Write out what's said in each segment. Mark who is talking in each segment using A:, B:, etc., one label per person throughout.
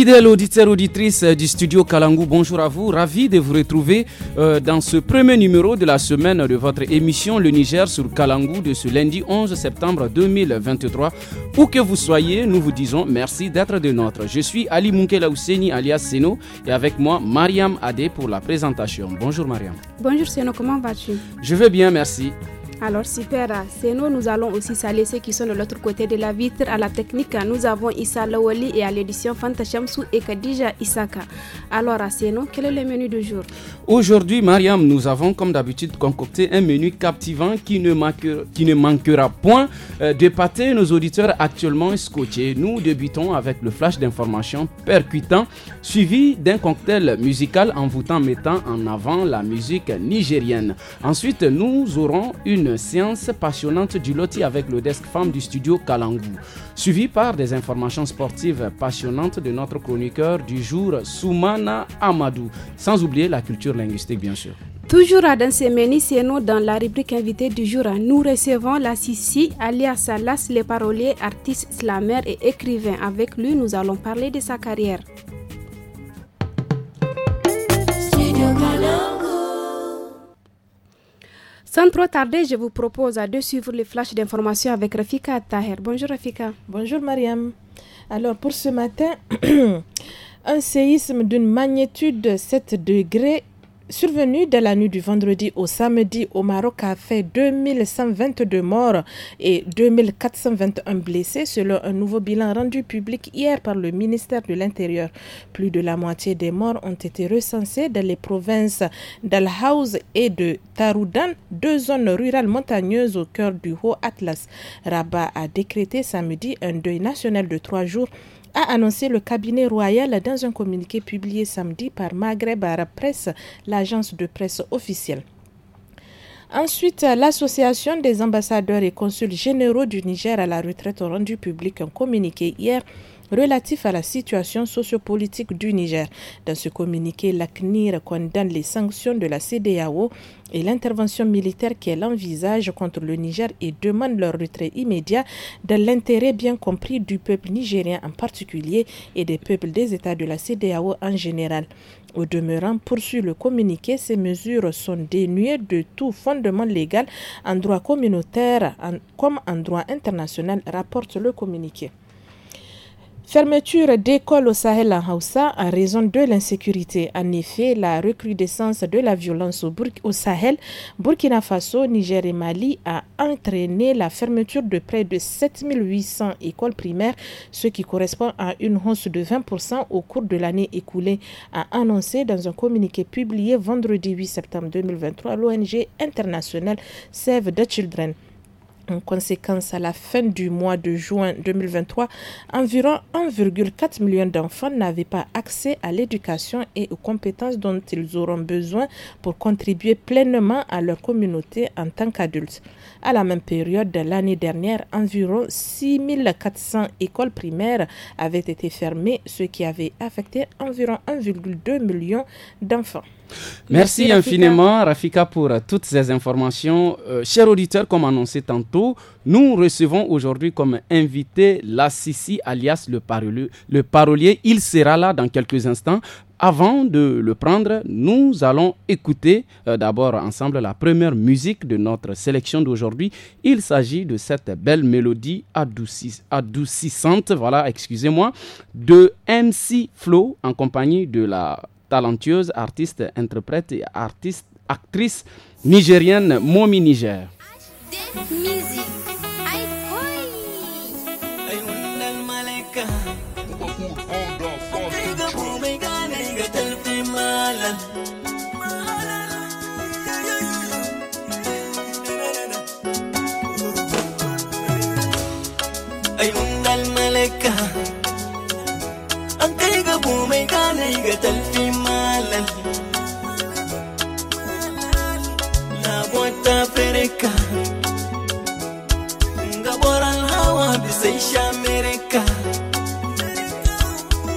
A: Fidèle auditeur, auditrice du studio Kalangou, bonjour à vous. Ravi de vous retrouver euh, dans ce premier numéro de la semaine de votre émission Le Niger sur Kalangou de ce lundi 11 septembre 2023. Où que vous soyez, nous vous disons merci d'être de notre. Je suis Ali Moukela alias Seno et avec moi Mariam Adé pour la présentation. Bonjour Mariam.
B: Bonjour Seno, comment vas-tu
A: Je vais bien, merci.
B: Alors super, c'est nous, nous allons aussi saluer ceux qui sont de l'autre côté de la vitre à la technique. Nous avons Issa Lawali et à l'édition Fanta Shamsou et Kadija Isaka. Alors c'est nous, quel est le menu du jour
A: Aujourd'hui Mariam, nous avons comme d'habitude concocté un menu captivant qui ne, manquera, qui ne manquera point euh, nos auditeurs actuellement scotchés. Nous débutons avec le flash d'informations percutant suivi d'un cocktail musical envoûtant mettant en avant la musique nigérienne. Ensuite, nous aurons une une séance passionnante du loti avec le desk femme du studio Kalangu suivi par des informations sportives passionnantes de notre chroniqueur du jour, Soumana Amadou, sans oublier la culture linguistique bien sûr.
B: Toujours à c'est nous dans la rubrique invité du jour, nous recevons la Sissi, alias Salas, les parolier, artiste, slammer et écrivain. Avec lui, nous allons parler de sa carrière. Sans trop tarder, je vous propose de suivre les flashs d'information avec Rafika Taher.
C: Bonjour Rafika. Bonjour Mariam. Alors pour ce matin, un séisme d'une magnitude de 7 degrés Survenu de la nuit du vendredi au samedi au Maroc a fait 2122 morts et 2421 blessés selon un nouveau bilan rendu public hier par le ministère de l'Intérieur. Plus de la moitié des morts ont été recensés dans les provinces d'Al-Haouz et de Taroudan, deux zones rurales montagneuses au cœur du Haut Atlas. Rabat a décrété samedi un deuil national de trois jours a annoncé le cabinet royal dans un communiqué publié samedi par Maghreb Arab presse, l'agence de presse officielle. Ensuite, l'Association des ambassadeurs et consuls généraux du Niger à la retraite ont rendu public un communiqué hier relatif à la situation sociopolitique du Niger. Dans ce communiqué, l'ACNIR condamne les sanctions de la CDAO et l'intervention militaire qu'elle envisage contre le Niger et demande leur retrait immédiat dans l'intérêt bien compris du peuple nigérien en particulier et des peuples des États de la CDAO en général. Au demeurant, poursuit le communiqué, ces mesures sont dénuées de tout fondement légal en droit communautaire comme en droit international, rapporte le communiqué. Fermeture d'écoles au Sahel en Hausa en raison de l'insécurité. En effet, la recrudescence de la violence au, Sahel, Burkina Faso, Niger et Mali a entraîné la fermeture de près de 7800 écoles primaires, ce qui correspond à une hausse de 20% au cours de l'année écoulée, a annoncé dans un communiqué publié vendredi 8 septembre 2023 l'ONG internationale Save the Children. En conséquence, à la fin du mois de juin 2023, environ 1,4 million d'enfants n'avaient pas accès à l'éducation et aux compétences dont ils auront besoin pour contribuer pleinement à leur communauté en tant qu'adultes. À la même période de l'année dernière, environ 6 400 écoles primaires avaient été fermées, ce qui avait affecté environ 1,2 million d'enfants. Merci, infiniment,
A: Rafika. pour euh, toutes ces informations. Cher euh, chers auditeurs, comme annoncé tantôt, nous recevons aujourd'hui comme invité la Lassisi, alias le parolier. Il sera là dans quelques instants. Avant de le prendre, nous allons écouter euh, d'abord ensemble la première musique de notre sélection d'aujourd'hui. Il s'agit de cette belle mélodie adoucissante, voilà, excusez-moi, de MC Flow en compagnie de la talentueuse, artiste, interprète et artiste, actrice nigérienne Momi Niger.
D: Amerika Nga hawa bisaisha Amerika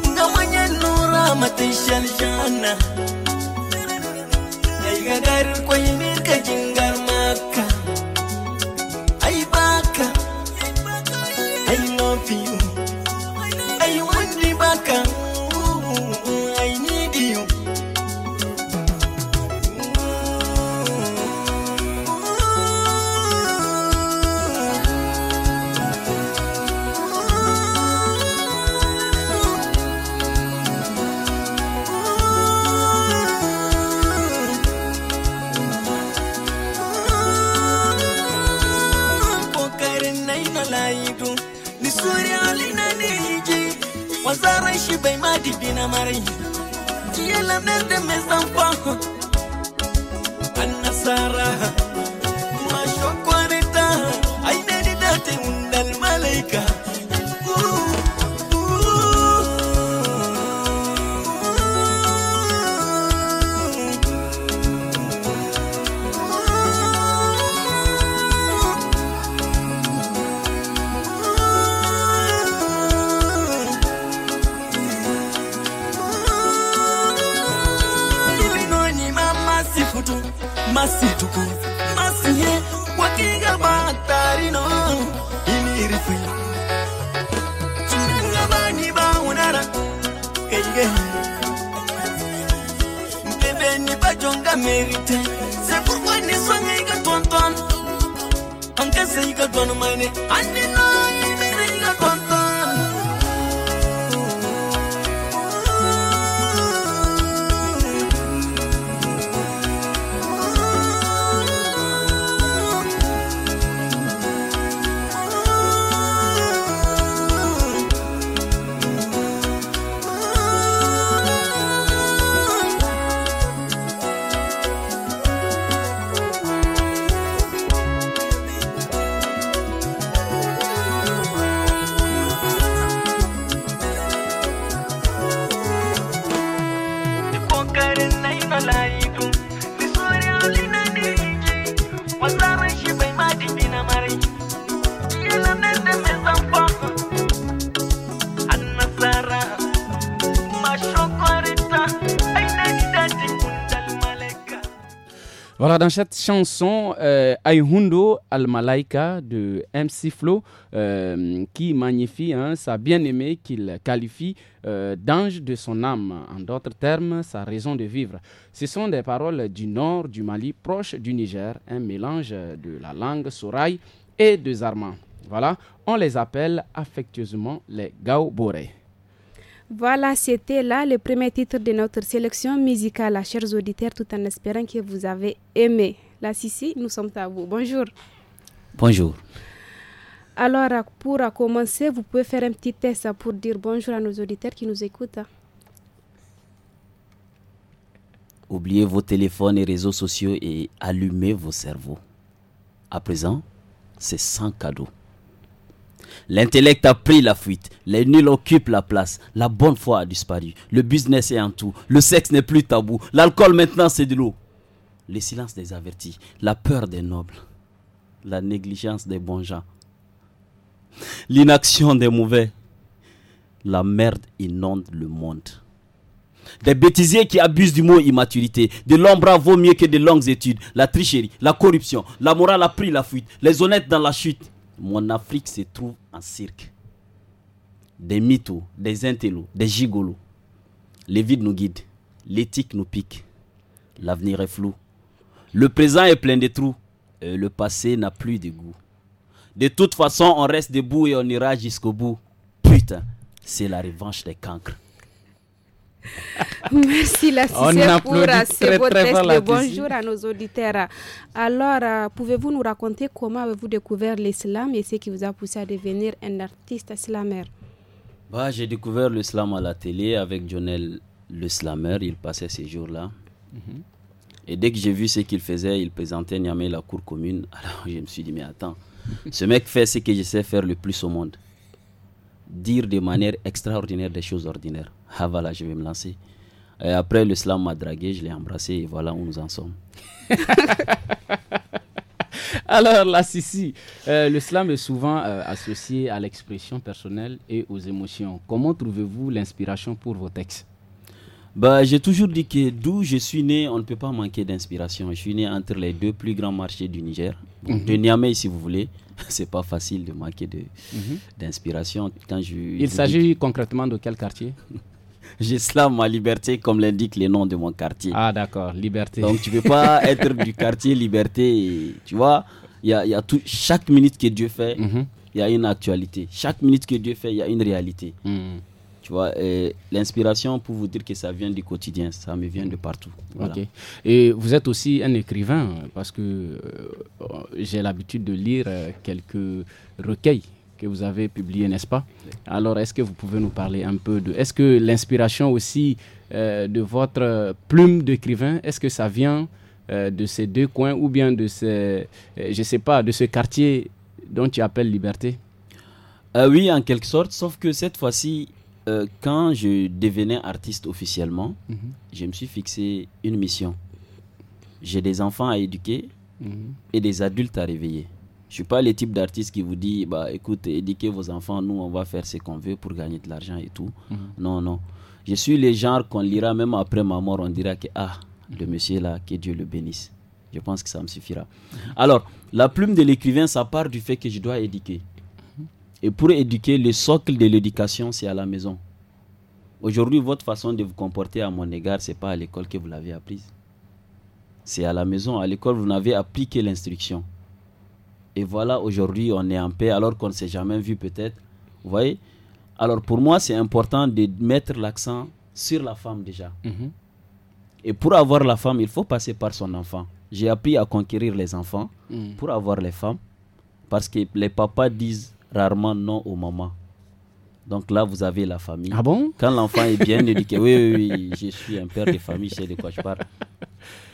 D: Nga nura mataisha aljana Aiga gari kwa imirka jingar maka Aibaka I love you amarilla y en la mente me zampó Ana Sarra
A: Voilà, dans cette chanson, euh, Ayhundo Al-Malaika de MC Flo, euh, qui magnifie hein, sa bien-aimée qu'il qualifie euh, d'ange de son âme, en d'autres termes, sa raison de vivre. Ce sont des paroles du nord du Mali, proche du Niger, un mélange de la langue Souraï et de zarma. Voilà, on les appelle affectueusement les Gaoboré.
B: Voilà, c'était là le premier titre de notre sélection musicale, chers auditeurs, tout en espérant que vous avez aimé. La Sissi, nous sommes à vous. Bonjour. Bonjour. Alors, pour commencer, vous pouvez faire un petit test pour dire bonjour à nos auditeurs qui nous écoutent.
E: Oubliez vos téléphones et réseaux sociaux et allumez vos cerveaux. À présent, c'est sans cadeau. L'intellect a pris la fuite. Les nuls occupent la place. La bonne foi a disparu. Le business est en tout. Le sexe n'est plus tabou. L'alcool maintenant c'est de l'eau. Le silence des avertis. La peur des nobles. La négligence des bons gens. L'inaction des mauvais. La merde inonde le monde. Des bêtisiers qui abusent du mot immaturité. De l'ombre vaut mieux que de longues études. La tricherie, la corruption, la morale a pris la fuite. Les honnêtes dans la chute. Mon Afrique se trouve en cirque. Des mythos, des intellos, des gigolos. Les vides nous guident, l'éthique nous pique. L'avenir est flou. Le présent est plein de trous. le passé n'a plus de goût. De toute façon, on reste debout et on ira jusqu'au bout. Putain, c'est la revanche des cancres.
B: Merci la pour euh, bonjour à nos auditeurs. Alors, euh, pouvez-vous nous raconter comment avez-vous découvert l'islam et ce qui vous a poussé à devenir un artiste slammer
E: bah, J'ai découvert l'islam à la télé avec Jonel le slammer. Il passait ces jours-là. Mhm. Et dès que j'ai vu ce qu'il faisait, il présentait Niamey la cour commune. Alors je me suis dit, mais attends, ce mec fait ce que je sais faire le plus au monde dire de manière extraordinaire des choses ordinaires. Ah voilà, je vais me lancer. Et après, slam m'a dragué, je l'ai embrassé et voilà où nous en sommes. Alors, la Sissi, euh, le slam est souvent euh, associé à l'expression personnelle et aux émotions. Comment trouvez-vous l'inspiration pour vos textes bah, j'ai toujours dit que d'où je suis né, on ne peut pas manquer d'inspiration. Je suis né entre les deux plus grands marchés du Niger, mhm. de Niamey si vous voulez. C'est pas facile de manquer mhm. d'inspiration. De, Il s'agit
A: concrètement de quel quartier
E: J'ai cela ma liberté, comme l'indique les noms de mon quartier. Ah, d'accord, liberté. Donc, tu ne peux pas être du quartier liberté. tu vois, y a, tout, chaque minute que Dieu fait, mhm. il y a une actualité. Chaque minute que Dieu fait, il y a une réalité. Tu vois, l'inspiration, pour vous dire que ça vient du quotidien, ça me vient de partout. Et vous êtes aussi un écrivain, parce que
A: euh, j'ai l'habitude de lire euh, quelques recueils que vous avez publiés, n'est-ce pas Alors, est-ce que vous pouvez nous parler un peu de... Est-ce que l'inspiration aussi euh, de votre plume d'écrivain, est-ce que ça vient de ces deux coins ou bien
E: de ces... je sais pas, de ce quartier dont tu appelles Liberté Oui, en quelque sorte, sauf que cette fois-ci, euh, quand je devenais artiste officiellement, mhm. je me suis fixé une mission. J'ai des enfants à éduquer mhm. et des adultes à réveiller. Je suis pas le type d'artiste qui vous dit, bah écoute, éduquez vos enfants, nous on va faire ce qu'on veut pour gagner de l'argent et tout. Mhm. Non, non. Je suis le genre qu'on lira même après ma mort, on dira que ah, le monsieur là, que Dieu le bénisse. Je pense que ça me suffira. Alors, la plume de l'écrivain, ça part du fait que je dois éduquer. Et pour éduquer, le socle de l'éducation, c'est à la maison. Aujourd'hui, votre façon de vous comporter à mon égard, ce n'est pas à l'école que vous l'avez apprise. C'est à la maison. À l'école, vous n'avez appliqué l'instruction. Et voilà, aujourd'hui, on est en paix alors qu'on ne s'est jamais vu peut-être. Vous voyez Alors pour moi, c'est important de mettre l'accent sur la femme déjà. Mhm. Et pour avoir la femme, il faut passer par son enfant. J'ai appris à conquérir les enfants mhm. pour avoir les femmes. Parce que les papas disent rarement non au mamans. Donc là, vous avez la famille. Ah bon Quand l'enfant est bien éduqué, oui, oui, oui, je suis un père de famille, je sais de quoi je parle.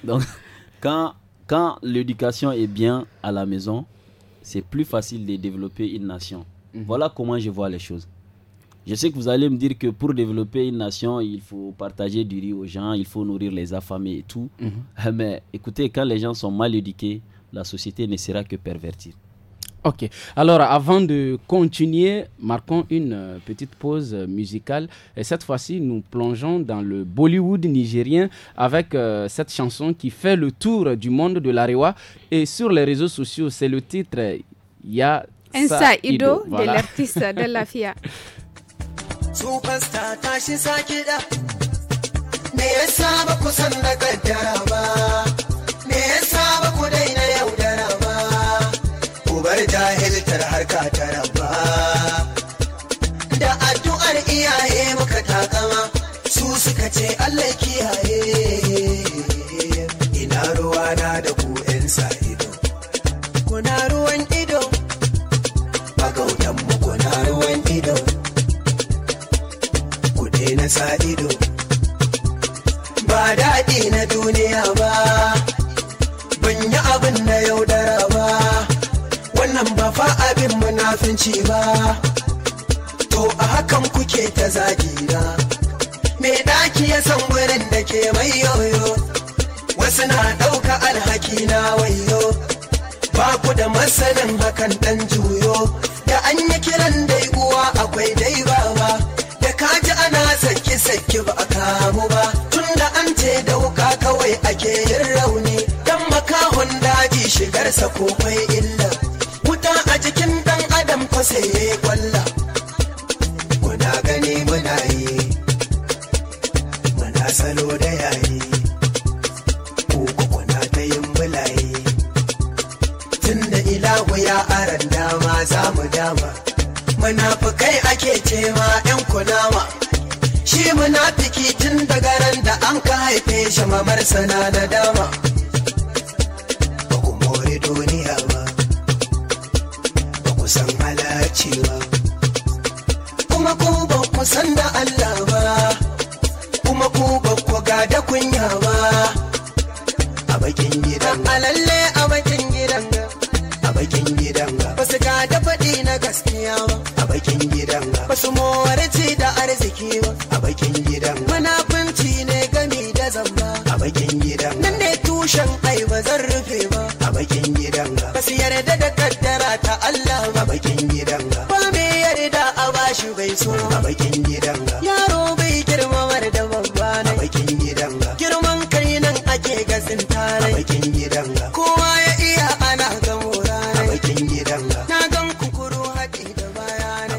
E: Donc, quand, quand l'éducation est bien à la maison, c'est plus facile de développer une nation. Mhm. Voilà comment je vois les choses. Je sais que vous allez me dire que pour développer une nation, il faut partager du riz aux gens, il faut nourrir les affamés et tout. Mhm. Mais écoutez, quand les gens sont mal éduqués, la société ne sera que pervertie. Ok.
A: Alors, avant de continuer, marquons une euh, petite pause euh, musicale. Et cette fois-ci, nous plongeons dans le Bollywood nigérien avec euh, cette chanson qui fait le tour du monde de l'Arewa. Et sur les réseaux sociaux, c'est le titre Ya Ensa Ido, voilà. de l'artiste
B: de la
F: ubar jahiltar harka ta rabba da addu'ar iyaye muka takama su suka ce Allah kiyaye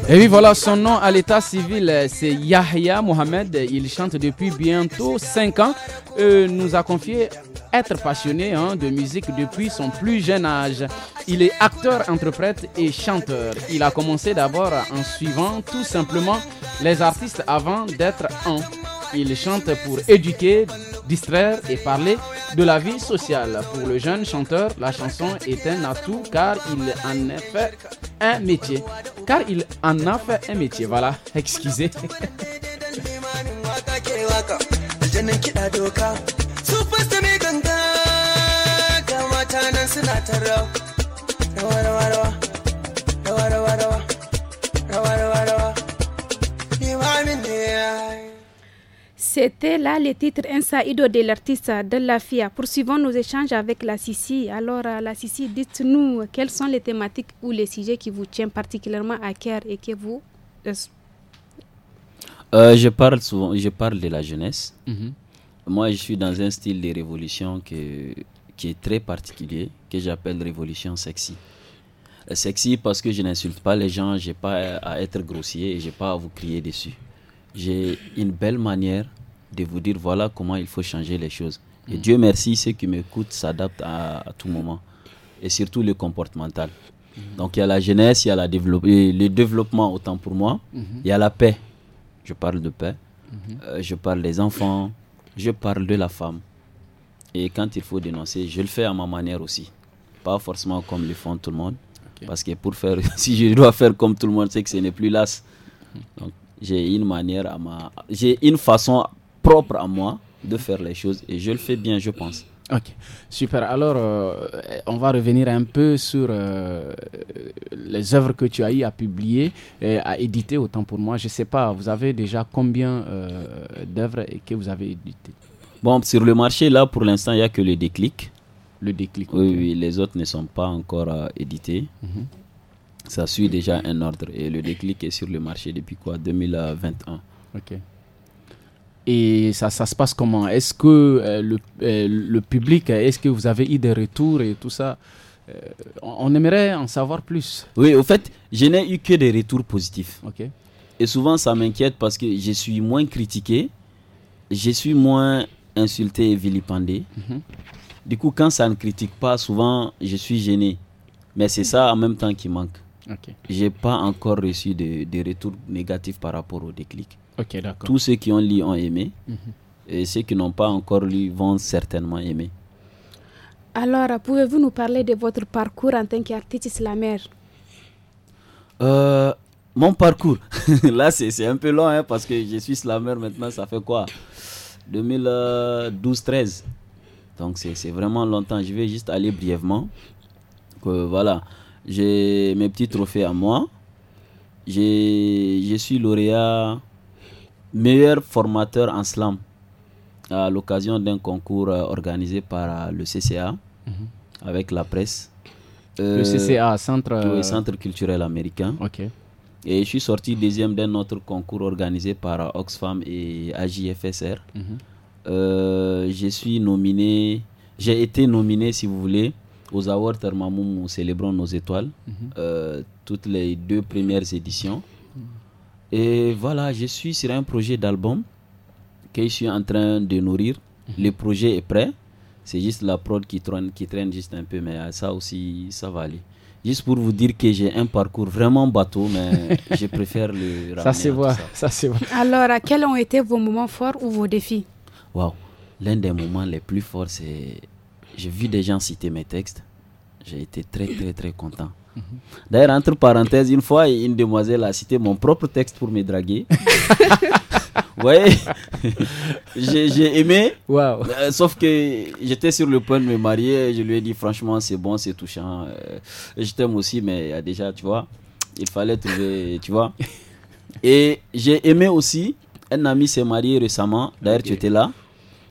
A: Et oui, voilà son nom à l'état civil, c'est Yahya Mohamed. Il chante depuis bientôt 5 ans. Euh, nous a confié être passionné hein, de musique depuis son plus jeune âge. Il est acteur, interprète et chanteur. Il a commencé d'abord en suivant tout simplement les artistes avant d'être un. Il chante pour éduquer, distraire et parler de la vie sociale. Pour le jeune chanteur, la chanson est un atout car il en a fait un métier. Car il en a fait un métier, voilà, excusez.
B: C'était là le titre Insaïdo de l'artiste la de FIA. Poursuivons nos échanges avec la Sissi. Alors, euh, la Sissi, dites-nous quelles sont les thématiques ou les sujets qui vous tiennent particulièrement à cœur et que vous. Euh,
E: euh, je parle souvent, je parle de la jeunesse. Mhm. Moi, je suis dans un style de révolution que qui est très particulier, que j'appelle révolution sexy. Euh, sexy parce que je n'insulte pas les gens, j'ai pas à être grossier et j'ai pas à vous crier dessus. J'ai une belle manière de vous dire voilà comment il faut changer les choses. Et mm. Dieu merci, ceux qui m'écoutent s'adaptent à, tout moment. Et surtout le comportemental. Mm. Donc il y a la jeunesse, il y a la développer le développement autant pour moi, mm-hmm. il y a la paix. Je parle de paix, mm-hmm. euh, je parle des enfants, je parle de la femme, et quand il faut dénoncer, je le fais à ma manière aussi. Pas forcément comme le font tout le monde. Parce que pour faire, si je dois faire comme tout le monde, c'est que ce n'est plus las. Donc j'ai une manière à ma. J'ai une façon propre à moi de faire les choses et je le fais bien, je pense.
A: Ok, super. Alors, euh, on va revenir un peu sur euh, les œuvres que tu as eu à publier, et à éditer, autant pour moi. Je ne sais pas, vous avez déjà combien euh, d'œuvres que vous avez
E: éditées Bon, sur le marché, là, pour l'instant, il n'y a que le déclic. Le déclic. Oui, oui, les autres ne sont pas encore euh, édités. Mhm. Ça suit déjà un ordre. Et le déclic est sur le marché depuis quoi 2021. Ok. Et ça, se
A: passe comment Est-ce que euh, euh, le, public, est-ce que vous avez eu des retours et tout ça
E: on aimerait en savoir plus. Oui, au fait, je n'ai eu que des retours positifs. Ok. Et souvent, ça m'inquiète parce que je suis moins critiqué, je suis moins insulté et vilipendé. Mhm. Du coup, quand ça ne critique pas, souvent, je suis gêné. Mais c'est ça en même temps qui manque. Je n'ai pas encore reçu de, de retours négatifs par rapport au déclic. Tous ceux qui ont lu ont aimé. Mhm. Et ceux qui n'ont pas encore lu vont certainement aimer.
B: Alors, pouvez-vous nous parler de votre parcours en tant qu'artiste islamère
E: euh, Mon parcours, là c'est un peu long hein, parce que je suis slammer maintenant, ça fait quoi 2012-13. Donc c'est vraiment longtemps. Je vais juste aller brièvement. voilà, j'ai mes petits trophées à moi. Je suis lauréat meilleur formateur en slam à l'occasion d'un concours euh, organisé par euh, le CCA mhm. avec la presse. le CCA, euh, Centre... Centre culturel américain. Ok. Et je suis sorti deuxième d'un autre concours organisé par Oxfam et AJFSR. Mhm. Euh, je suis nominé, j'ai été nominé, si vous voulez, aux Awards Thermamoum célébrons nos étoiles, mhm. euh, toutes les deux premières éditions. Et voilà, je suis sur un projet d'album que je suis en train de nourrir. Mhm. Le projet est prêt. C'est juste la prod qui traîne, qui traîne juste un peu, mais ça aussi, ça va aller. Juste pour vous dire que j'ai un parcours vraiment bateau, mais je préfère le ramener. Ça c'est voit, ça,
A: ça voit.
B: Alors, quels ont été vos moments forts ou vos défis
E: Waouh, l'un des moments les plus forts, c'est. J'ai vu des gens citer mes textes. J'ai été très, très, très content. Mhm. D'ailleurs, entre parenthèses, une fois, une demoiselle a cité mon propre texte pour me draguer. ouais, j'ai aimé. Euh, sauf que j'étais sur le point de me marier. Je lui ai dit, franchement, c'est bon, c'est touchant. Euh, je t'aime aussi, mais euh, déjà, tu vois, il fallait trouver, tu vois. Et j'ai aimé aussi. Un ami s'est marié récemment. D'ailleurs, tu étais là.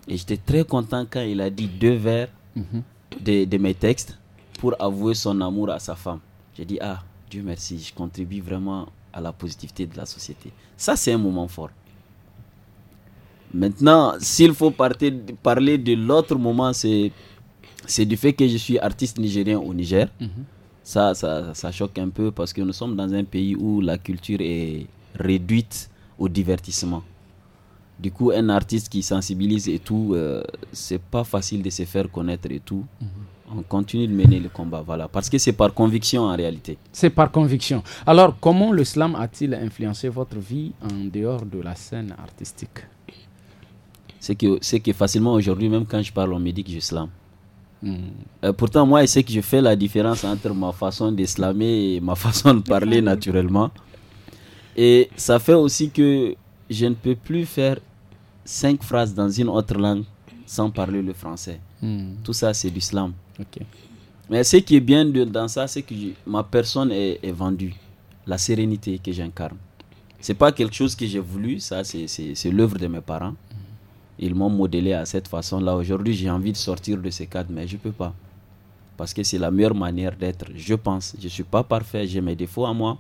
E: Et j'étais très content quand il a dit deux vers mhm. de mes textes pour avouer son amour à sa femme. J'ai dit, ah, Dieu merci, je contribue vraiment à la positivité de la société. Ça, c'est un moment fort. Maintenant, s'il faut parler de l'autre moment, c'est du fait que je suis artiste nigérien au Niger. Mhm. ça, ça, ça, choque un peu parce que nous sommes dans un pays où la culture est réduite au divertissement. Du coup, un artiste qui sensibilise et tout, euh, c'est pas facile de se faire connaître et tout. Mhm. on continue de mener le combat, voilà, parce que c'est par conviction en réalité. C'est par conviction. Alors, comment le slam a-t-il
A: influencé votre vie en dehors de la scène artistique
E: c'est que, c'est que facilement aujourd'hui, même quand je parle, on me que je slame. Hmm. Euh, pourtant, moi, c'est que je fais la différence entre ma façon d'eslamer et ma façon de parler naturellement. Et ça fait aussi que je ne peux plus faire cinq phrases dans une autre langue sans parler le français. Hmm. Tout ça, c'est du slam. Mais ce qui est bien dans ça, c'est que ma personne est, vendue. La sérénité que j'incarne. C'est pas quelque chose que j'ai voulu, ça, c'est l'œuvre de mes parents. Ils m'ont modélé à cette façon-là. Aujourd'hui, j'ai envie de sortir de ces cadres, mais je ne peux pas. Parce que c'est la meilleure manière d'être, je pense. Je ne suis pas parfait, j'ai mes défauts à moi.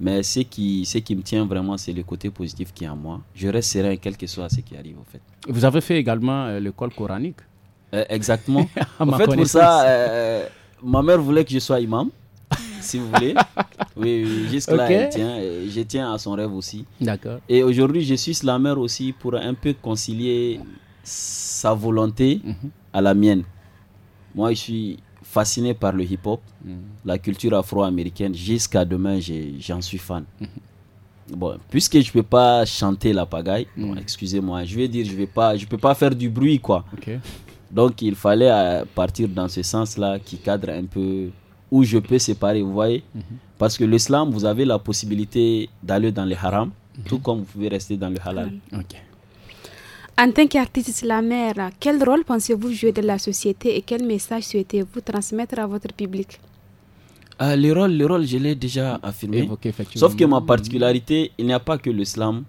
E: Mais ce qui, ce qui me tient vraiment, c'est le côté positif qui est en moi. Je reste serein, quel que soit ce qui arrive, en fait.
A: Vous avez fait également euh, l'école coranique
E: euh, Exactement. en fait, pour ça, euh, ma mère voulait que je sois imam si vous voulez. Oui, jusque-là, euh, Je tiens à son rêve aussi. D'accord. Et aujourd'hui, je suis la mère aussi pour un peu concilier sa volonté mhm. à la mienne. Moi, je suis fasciné par le hip-hop, mhm. la culture afro-américaine. Jusqu'à demain, j'en suis fan. Mhm. Bon, puisque je peux pas chanter la pagaille, excusez-moi, je vais dire, je vais pas, je peux pas faire du bruit, quoi. Donc, il fallait euh, partir dans ce sens-là qui cadre un peu où je peux séparer, vous voyez mhm. Parce que l'islam, vous avez la possibilité d'aller dans les haram mhm. tout comme vous pouvez rester dans le halal.
B: En tant qu'artiste islamère, quel rôle pensez-vous jouer de la société et quel message souhaitez-vous transmettre à votre
G: public
E: euh, le, rôle, le rôle, je l'ai déjà affirmé. Sauf que ma mhm. particularité, il n'y a pas que l'islam,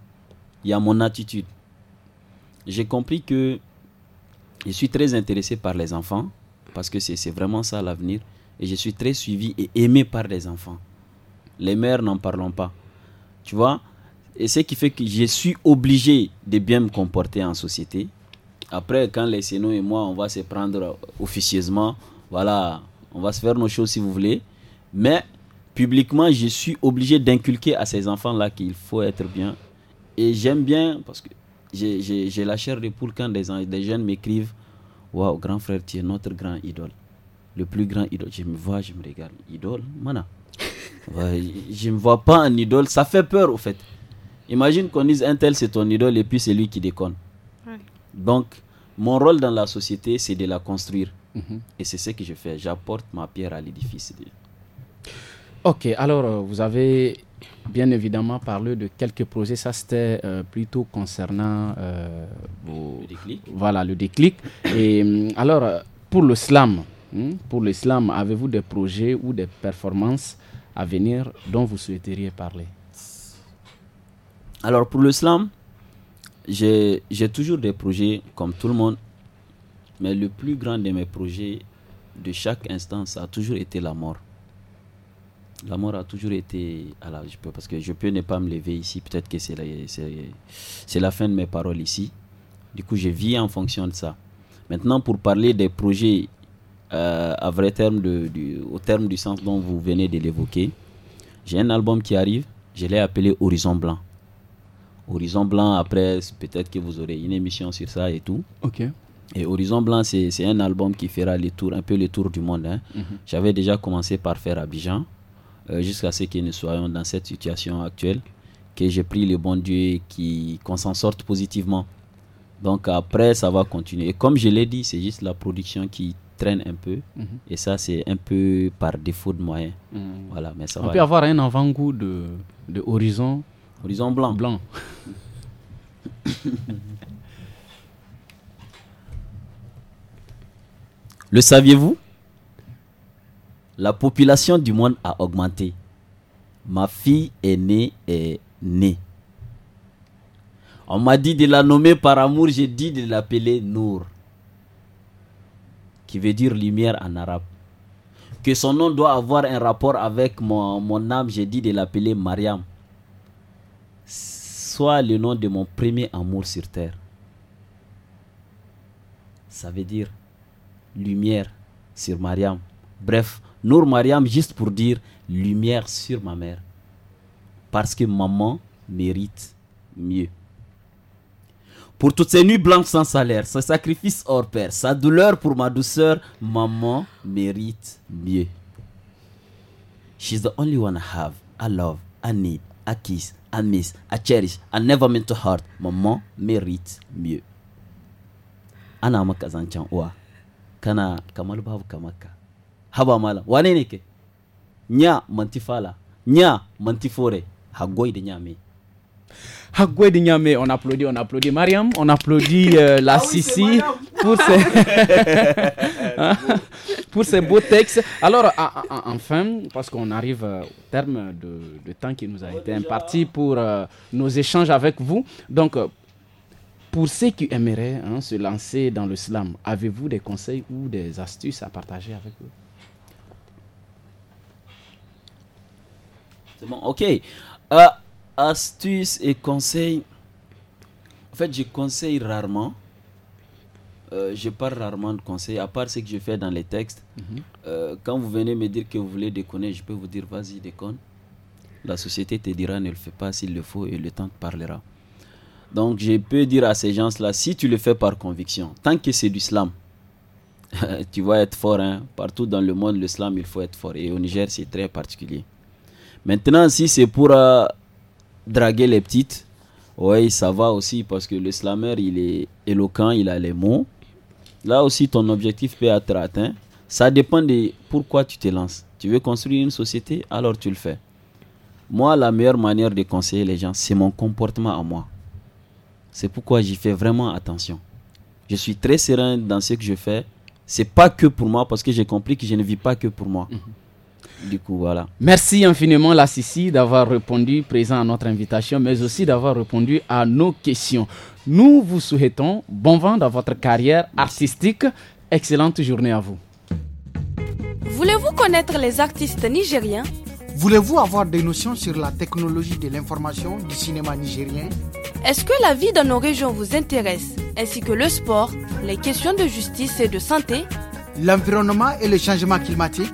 E: il y a mon attitude. J'ai compris que je suis très intéressé par les enfants, parce que c'est vraiment ça l'avenir. Et je suis très suivi et aimé par les enfants. Les mères n'en parlons pas. Tu vois Et ce qui fait que je suis obligé de bien me comporter en société. Après, quand les Sénons et moi, on va se prendre officieusement, voilà, on va se faire nos choses si vous voulez. Mais publiquement, je suis obligé d'inculquer à ces enfants-là qu'il faut être bien. Et j'aime bien, parce que j'ai la chair de poule quand des, des jeunes m'écrivent Waouh, grand frère, tu es notre grand idole le plus grand idole. Je me vois, je me regarde. Idole, mana. je ne me vois pas un idole. Ça fait peur, au fait. Imagine qu'on dise un tel, c'est ton idole, et puis c'est lui qui déconne. Donc, mon rôle dans la société, c'est de la construire. Mhm. Et c'est ce que je fais. J'apporte ma pierre à l'édifice.
A: Ok, alors euh, vous avez bien évidemment parlé de quelques projets. Ça, c'était euh, plutôt concernant euh, vos... le déclic. Voilà, le déclic. Et hum, alors, pour le slam, Hmm? pour l'islam, avez-vous des projets ou des performances à venir dont vous souhaiteriez parler
E: Alors pour l'islam, j'ai toujours des projets comme tout le monde, mais le plus grand de mes projets de chaque instance a toujours été la mort. La mort a toujours été. Alors, je peux, parce que je peux ne pas me lever ici, peut-être que c'est la, c'est la fin de mes paroles ici. Du coup, je vis en fonction de ça. Maintenant, pour parler des projets euh, à vrai terme, du, au terme du sens dont vous venez de l'évoquer, j'ai un album qui arrive, je l'ai appelé Horizon Blanc. Horizon Blanc, après, peut-être que vous aurez une émission sur ça et tout. Ok. Et Horizon Blanc, c'est un album qui fera les tours, un peu le tour du monde. Hein. Mhm. J'avais déjà commencé par faire Abidjan, euh, jusqu'à ce que nous soyons dans cette situation actuelle, que j'ai pris le bon Dieu qui qu'on s'en sorte positivement. Donc après, ça va continuer. Et comme je l'ai dit, c'est juste la production qui traîne un peu. Mhm. Et ça, c'est un peu par défaut de moyens. Mhm. Voilà, mais ça On peut
A: avoir un avant-goût de, horizon.
E: Horizon blanc. Blanc. Le saviez-vous La population du monde a augmenté. Ma fille est née est née. On m'a dit de la nommer par amour, j'ai dit de l'appeler Nour qui veut dire lumière en arabe. Que son nom doit avoir un rapport avec mon, mon âme, j'ai dit de l'appeler Mariam. Soit le nom de mon premier amour sur terre. Ça veut dire lumière sur Mariam. Bref, Nour Mariam, juste pour dire lumière sur ma mère. Parce que maman mérite mieux pour toutes ces nuits blanches sans salaire, ce sacrifice hors pair, sa douleur pour ma douceur, maman mérite mieux. She's the only one I have, I love, I need, I kiss, I miss, I cherish, I never meant to hurt. Maman mérite mieux. Ana maka zancen kana kamal babu kamaka. Haba mala. wane Nya mantifala, nya mantifore, hagoi de nyami mais on applaudit, on applaudit Mariam, on applaudit euh, la ah
A: Sissi pour, ses... Hein? pour beaux textes. Alors, enfin, parce qu'on arrive euh, au terme de, de, temps qui nous a oh, été imparti pour euh, nos échanges avec vous. Donc, pour ceux qui aimeraient hein, se lancer dans le slam, avez-vous des conseils ou des astuces à partager avec eux
E: C'est bon, ok. Euh, astuces et conseils. En fait, je conseille rarement. Euh, je parle rarement de conseils, à part ce que je fais dans les textes. Mhm. Euh, quand vous venez me dire que vous voulez déconner, je peux vous dire vas-y, déconne. La société te dira ne le fais pas s'il le faut et le temps te parlera. Donc je peux dire à ces gens-là, si tu le fais par conviction, tant que c'est du slam, tu vas être fort. Hein? Partout dans le monde, le slam, il faut être fort. Et au Niger, c'est très particulier. Maintenant, si c'est pour euh, draguer les petites. Oui, ça va aussi parce que le slammer, il est éloquent, il a les mots. Là aussi, ton objectif peut être atteint. Ça dépend de pourquoi tu te lances. Tu veux construire une société, alors tu le fais. Moi, la meilleure manière de conseiller les gens, c'est mon comportement à moi. C'est pourquoi j'y fais vraiment attention. Je suis très serein dans ce que je fais. C'est pas que pour moi parce que j'ai compris que je ne vis pas que pour moi. Mhm coup, voilà.
A: Merci infiniment, la Sissi, d'avoir répondu présent à notre invitation, mais aussi d'avoir répondu à nos questions. Nous vous souhaitons bon vent dans votre carrière artistique. Excellente journée à vous.
G: Voulez-vous connaître les artistes nigériens
H: Voulez-vous avoir des notions sur la technologie de l'information du cinéma nigérien
G: Est-ce que la vie dans nos régions vous intéresse, ainsi que le sport, les questions de justice et de santé
H: L'environnement et le changement climatique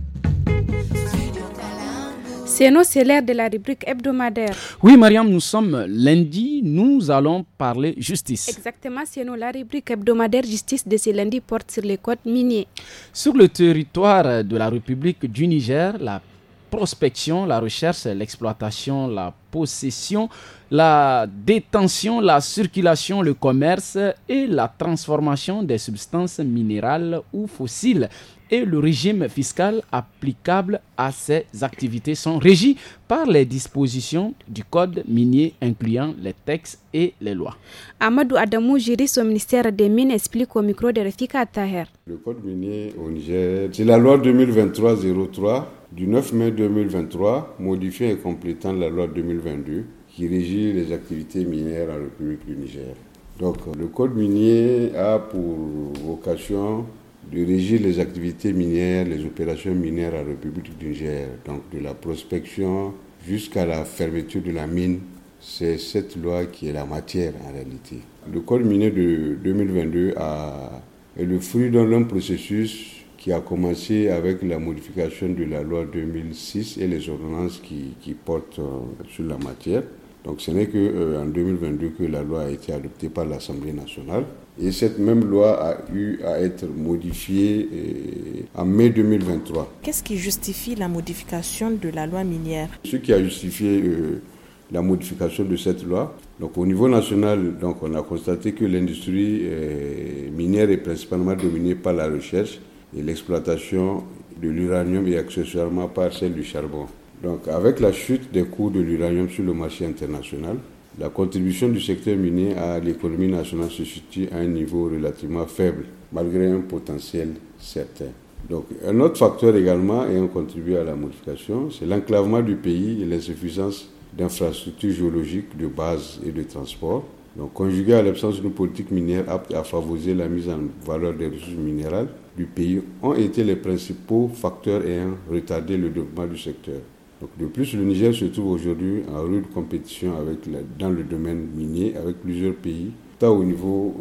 B: C'est nous, c'est l'heure de la rubrique hebdomadaire.
A: Oui, Mariam, nous sommes lundi, nous allons parler justice.
B: Exactement, c'est nous, la rubrique hebdomadaire justice de ce lundi porte sur les côtes miniers.
A: Sur le territoire de la République du Niger, la prospection, la recherche, l'exploitation, la possession, la détention, la circulation, le commerce et la transformation des substances minérales ou fossiles et le régime fiscal applicable à ces activités sont régis par les dispositions du Code minier incluant
I: les textes et les lois.
B: Amadou Adamou, juriste au ministère des Mines, explique au micro de Rafika Taher.
I: Le Code minier au Niger, c'est la loi 2023-03 du 9 mai 2023, modifiant et complétant la loi 2022 qui régit les activités minières en République du Niger. Donc le code minier a pour vocation de régir les activités minières, les opérations minières à la République du donc de la prospection jusqu'à la fermeture de la mine. C'est cette loi qui est la matière en réalité. Le code minier de 2022 a, est le fruit d'un long processus qui a commencé avec la modification de la loi 2006 et les ordonnances qui, portent euh, sur la matière. Donc ce n'est qu'en euh, en 2022 que la loi a été adoptée par l'Assemblée nationale. Et cette même loi a eu à être modifiée euh, en mai 2023.
C: Qu'est-ce qui justifie la modification de la loi minière
I: Ce qui a justifié euh, la modification de cette loi, donc au niveau national, donc on a constaté que l'industrie euh, minière est principalement dominée par la recherche et l'exploitation de l'uranium et accessoirement par celle du charbon. Donc avec la chute des coûts de l'uranium sur le marché international, la contribution du secteur minier à l'économie nationale se situe à un niveau relativement faible, malgré un potentiel certain. Donc, un autre facteur également ayant contribué à la modification, c'est l'enclavement du pays et l'insuffisance d'infrastructures géologiques de base et de transport. Donc, conjugué à l'absence d'une politique minière apte à favoriser la mise en valeur des ressources minérales du pays, ont été les principaux facteurs ayant retardé le développement du secteur de plus, le Niger se trouve aujourd'hui en rude compétition dans le domaine minier avec plusieurs pays, tant au niveau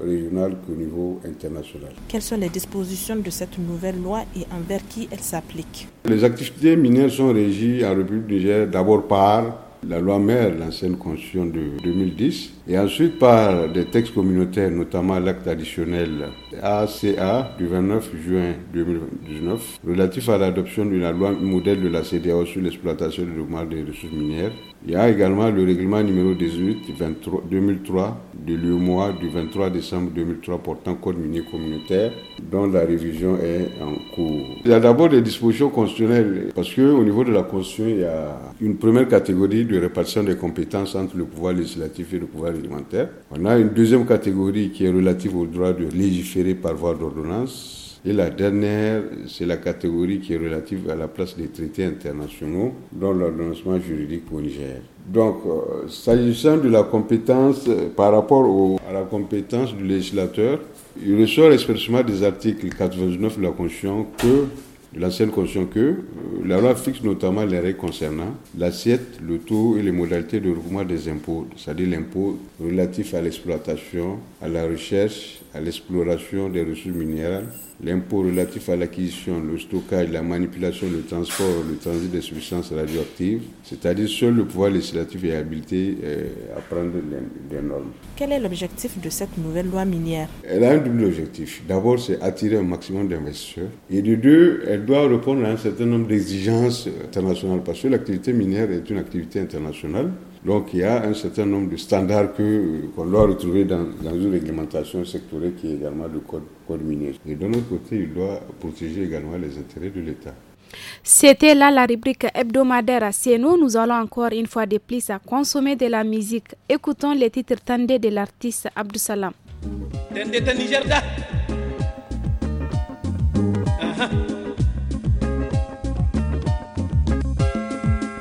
I: euh, régional qu'au niveau international.
C: Quelles sont les dispositions de cette nouvelle loi et envers qui elle s'applique
I: Les activités minières sont régies en République du Niger d'abord par la loi mère, l'ancienne constitution de 2010, et ensuite par des textes communautaires, notamment l'acte additionnel ACA du 29 juin 2019, relatif à l'adoption d'une loi modèle de la CDAO sur l'exploitation des ressources minières, il y a également le règlement numéro 18 23, 2003 de l'UMOA du 23 décembre 2003 portant code minier communautaire dont la révision est en cours. Il y a d'abord des dispositions constitutionnelles parce que au niveau de la Constitution, il y a une première catégorie de répartition des compétences entre le pouvoir législatif et le pouvoir réglementaire. On a une deuxième catégorie qui est relative au droit de légiférer par voie d'ordonnance et la dernière, c'est la catégorie qui est relative à la place des traités internationaux dans l'ordonnancement juridique pour Niger. Donc, euh, s'agissant de la compétence euh, par rapport à la compétence du législateur, il ressort expressément des articles 89 de la Constitution que l'ancienne Constitution que euh, la loi fixe notamment les règles concernant l'assiette, le taux et les modalités de recouvrement des impôts, c'est-à-dire l'impôt relatif à l'exploitation, à la recherche l'exploration des ressources minérales, l'impôt relatif à l'acquisition, le stockage, la manipulation, le transport, le transit des substances radioactives, c'est-à-dire seul le pouvoir législatif est habilité euh, à prendre des normes.
C: Quel est l'objectif de cette nouvelle loi minière
I: Elle a un double objectif. D'abord, c'est attirer un maximum d'investisseurs. Et de deux, elle doit répondre à un certain nombre d'exigences internationales, parce que l'activité minière est une activité internationale. Donc il y a un certain nombre de standards qu'on doit retrouver dans, une réglementation sectorielle qui est également le code, code minier. Et de notre côté, il doit protéger également les intérêts de l'État.
B: C'était là la rubrique hebdomadaire à nous, Nous allons encore une fois de plus à consommer de la musique. Écoutons les titres tendés de l'artiste Abdou Salam.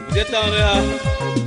D: Uh-huh.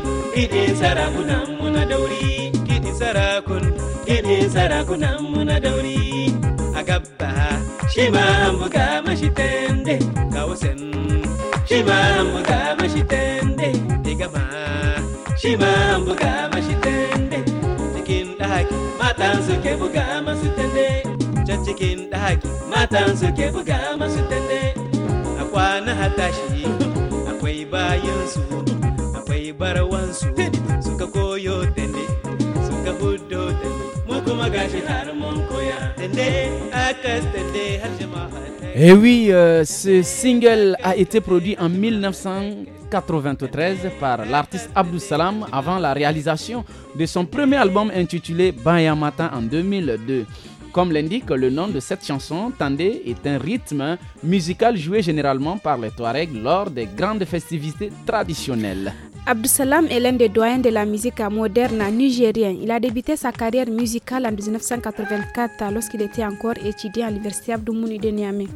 D: kiɗin sarakunanmu na dauri kiɗin sarakun kiɗin sarakunanmu na dauri a gabba shi ma an buga mashi tende ga wasan shi ma an buga mashi tende da gama shi ma an buga mashi tende cikin ɗaki matan suke buga masu tende can cikin ɗaki matan suke buga masu tende a kwana hatashi akwai bayansu
A: Et eh oui, euh, ce single a été produit en 1993 par l'artiste Abdou Salam avant la réalisation de son premier album intitulé Bayamata en 2002. Comme l'indique le nom de cette chanson, Tandé est un rythme musical joué généralement par les Touaregs lors des grandes festivités traditionnelles.
B: Abdusalam est l'un des doyens de la musique moderne nigérienne. Il a débuté sa carrière musicale en 1984 lorsqu'il était encore étudiant à l'université Abdoumouni de Niamey.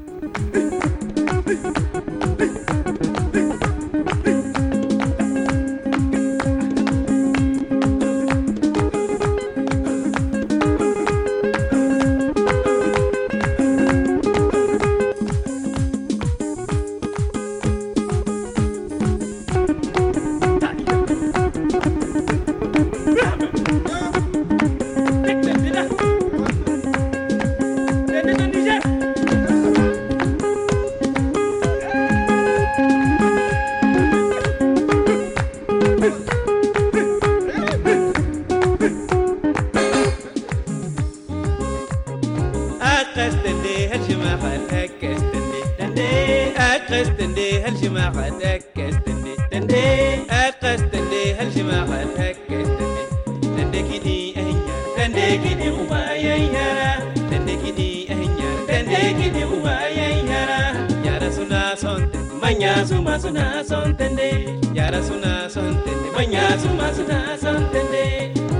D: yara suna son manya suna son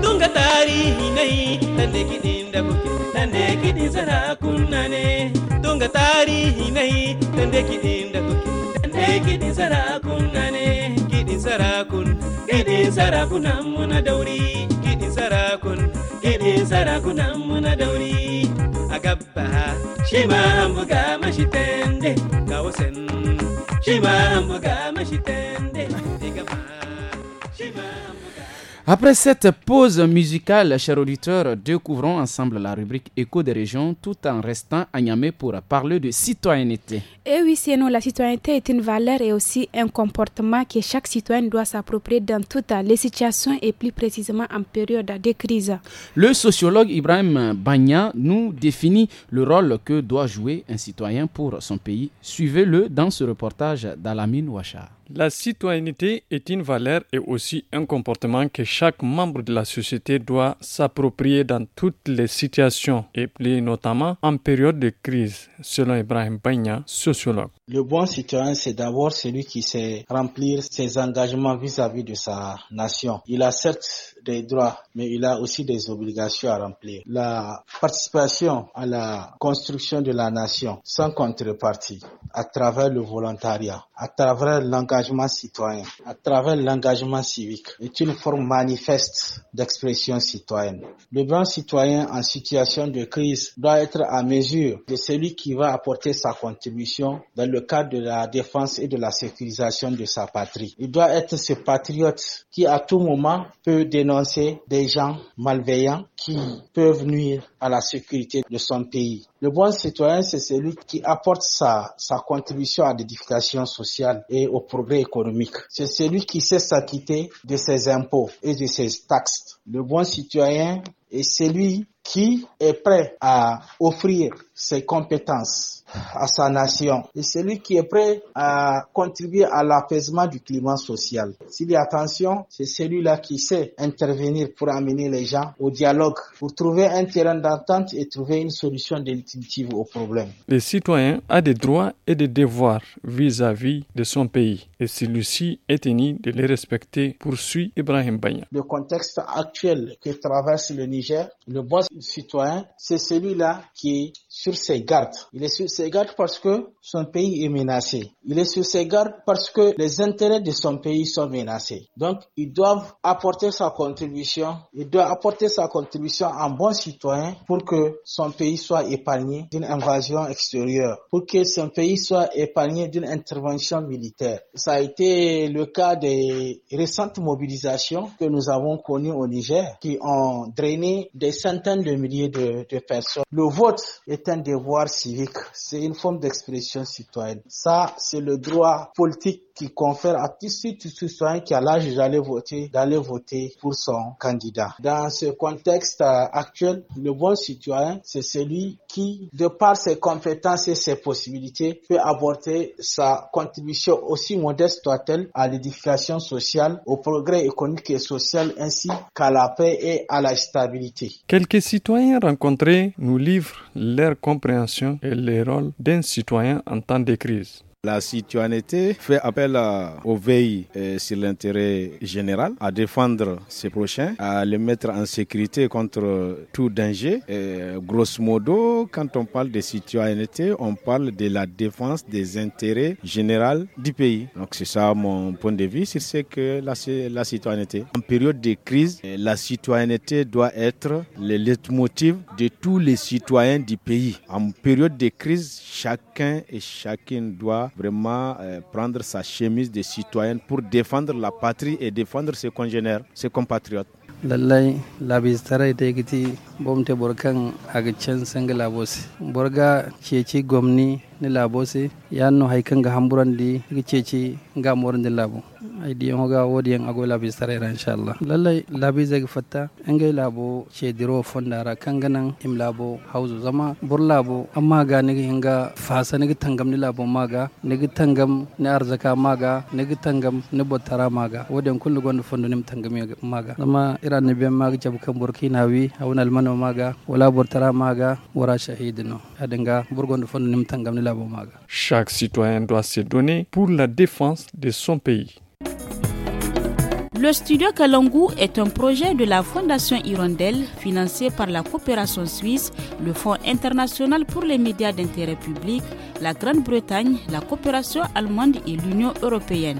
D: tunga tarihi nai tande kidin da buki tande kidin sarakuna ne tunga tarihi nai tande kidin da buki tande kidin sarakuna ne kidin sarakun kidin sarakuna muna dauri kidin sarakun kidin sarakuna muna dauri a gabba shi ma tende mamma gama shitende
A: Après cette pause musicale, chers auditeurs, découvrons ensemble la rubrique Écho des régions tout en restant à pour parler de citoyenneté.
B: Et eh oui, c'est nous, la citoyenneté est une valeur et aussi un comportement que chaque citoyen doit s'approprier dans toutes les situations et plus précisément en période de crise.
A: Le sociologue Ibrahim Bagna nous définit le rôle que doit jouer un citoyen pour son pays. Suivez-le dans ce reportage d'Alamine Ouachar.
J: La citoyenneté est une valeur et aussi un comportement que chaque membre de la société doit s'approprier dans toutes les situations, et plus notamment en période de crise, selon Ibrahim Bagna, sociologue.
K: Le bon citoyen, c'est d'abord celui qui sait remplir ses engagements vis-à-vis -vis de sa nation. Il a certes des droits, mais il a aussi des obligations à remplir. La participation à la construction de la nation sans contrepartie, à travers le volontariat, à travers l'engagement citoyen, à travers l'engagement civique, est une forme manifeste d'expression citoyenne. Le grand citoyen en situation de crise doit être à mesure de celui qui va apporter sa contribution dans le cadre de la défense et de la sécurisation de sa patrie. Il doit être ce patriote qui à tout moment peut dénoncer des gens malveillants qui peuvent nuire à la sécurité de son pays. Le bon citoyen, c'est celui qui apporte sa, contribution à l'édification sociale et au progrès économique. C'est celui qui sait s'acquitter de ses impôts et de ses taxes. Le bon citoyen est celui qui est prêt à offrir ses compétences à sa nation et celui qui est prêt à contribuer à l'apaisement du climat social. S'il y a tension, c'est celui-là qui sait intervenir pour amener les gens au dialogue, pour trouver un terrain d'entente et trouver une solution définitive au problème.
J: Le citoyen a des droits et des devoirs vis-à-vis de son pays et celui-ci est tenu de les respecter, poursuit Ibrahim Banya.
K: Le contexte actuel que traverse le Niger, le bois citoyen, c'est celui-là qui est sur ses gardes. Il est sur ses gardes parce que son pays est menacé. Il est sur ses gardes parce que les intérêts de son pays sont menacés. Donc, il doit apporter sa contribution. Il doit apporter sa contribution en bon citoyen pour que son pays soit épargné d'une invasion extérieure, pour que son pays soit épargné d'une intervention militaire. Ça a été le cas des récentes mobilisations que nous avons connues au Niger qui ont drainé des centaines de milliers de, de personnes. Le vote est un devoir civique, c'est une forme d'expression citoyenne. Ça, c'est le droit politique qui confère à tous ceux qui a l'âge d'aller voter, d'aller voter pour son candidat. Dans ce contexte euh, actuel, le bon citoyen, c'est celui qui, de par ses compétences et ses possibilités, peut apporter sa contribution aussi modeste soit-elle à l'édification sociale, au progrès économique et social ainsi qu'à la paix et à la stabilité.
J: Quelques citoyens rencontrés nous livrent leur compréhension et le rôle d'un citoyen en temps de crise. La citoyenneté
K: fait appel aux veilles euh, sur l'intérêt général, à défendre ses prochains, à les mettre en sécurité contre tout danger. grosso modo, quand on parle de citoyenneté, on parle de la défense des intérêts généraux du pays. Donc c'est ça mon point de vue sur ce que la, la citoyenneté. En période de crise, euh, la citoyenneté doit être le leitmotiv de tous les citoyens du pays. En période de crise, chacun et chacune doit vraiment euh, prendre sa chemise de citoyenne pour défendre la patrie et défendre ses congénères, ses
E: compatriotes. bomte borkan aga can sanga labose borga ceci gomni ni labose yanno hay kanga di ga ceci ga di labo ay di hoga wodi yang ago labi sarera inshallah lallai labi zag fatta ga labo cediro fondara ra nan im labo hauzu zama bur labo amma ga ni ga fasa ni tangam ni labo maga ni tangam ni arzaka maga ni tangam ni botara maga wodi kullu gondo fondo ni tangam maga zama iran ne be maga jabu kan borkinawi hawna alman
J: chaque citoyen doit se donner pour la défense de son pays
B: le studio Kalangu est un projet de la Fondation Hirondelle financé par la coopération suisse, le Fonds international pour les médias d'intérêt public, la Grande-Bretagne, la coopération allemande et l'Union européenne.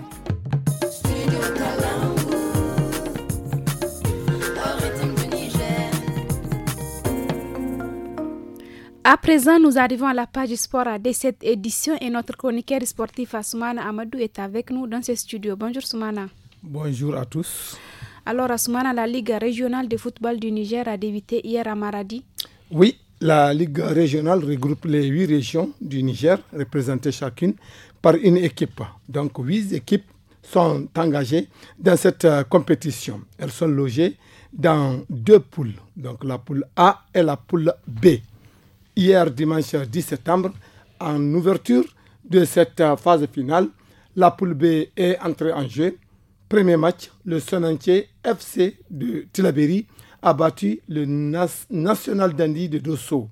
B: À présent, nous arrivons à la page du sport de cette édition et notre chroniqueur sportif Asumana Amadou est avec nous dans ce studio. Bonjour Soumana.
L: Bonjour à tous.
B: Alors Asumana, la Ligue régionale de football du Niger a débuté hier à Maradi.
L: Oui, la Ligue régionale regroupe les huit régions du Niger, représentées chacune par une équipe. Donc huit équipes sont engagées dans cette euh, compétition. Elles sont logées dans deux poules, donc la poule A et la poule B hier dimanche 10 septembre, en ouverture de cette phase finale, la poule B est entrée en jeu. Premier match, le Sonantier FC de Tilaberi a battu le National Dandy de Dosso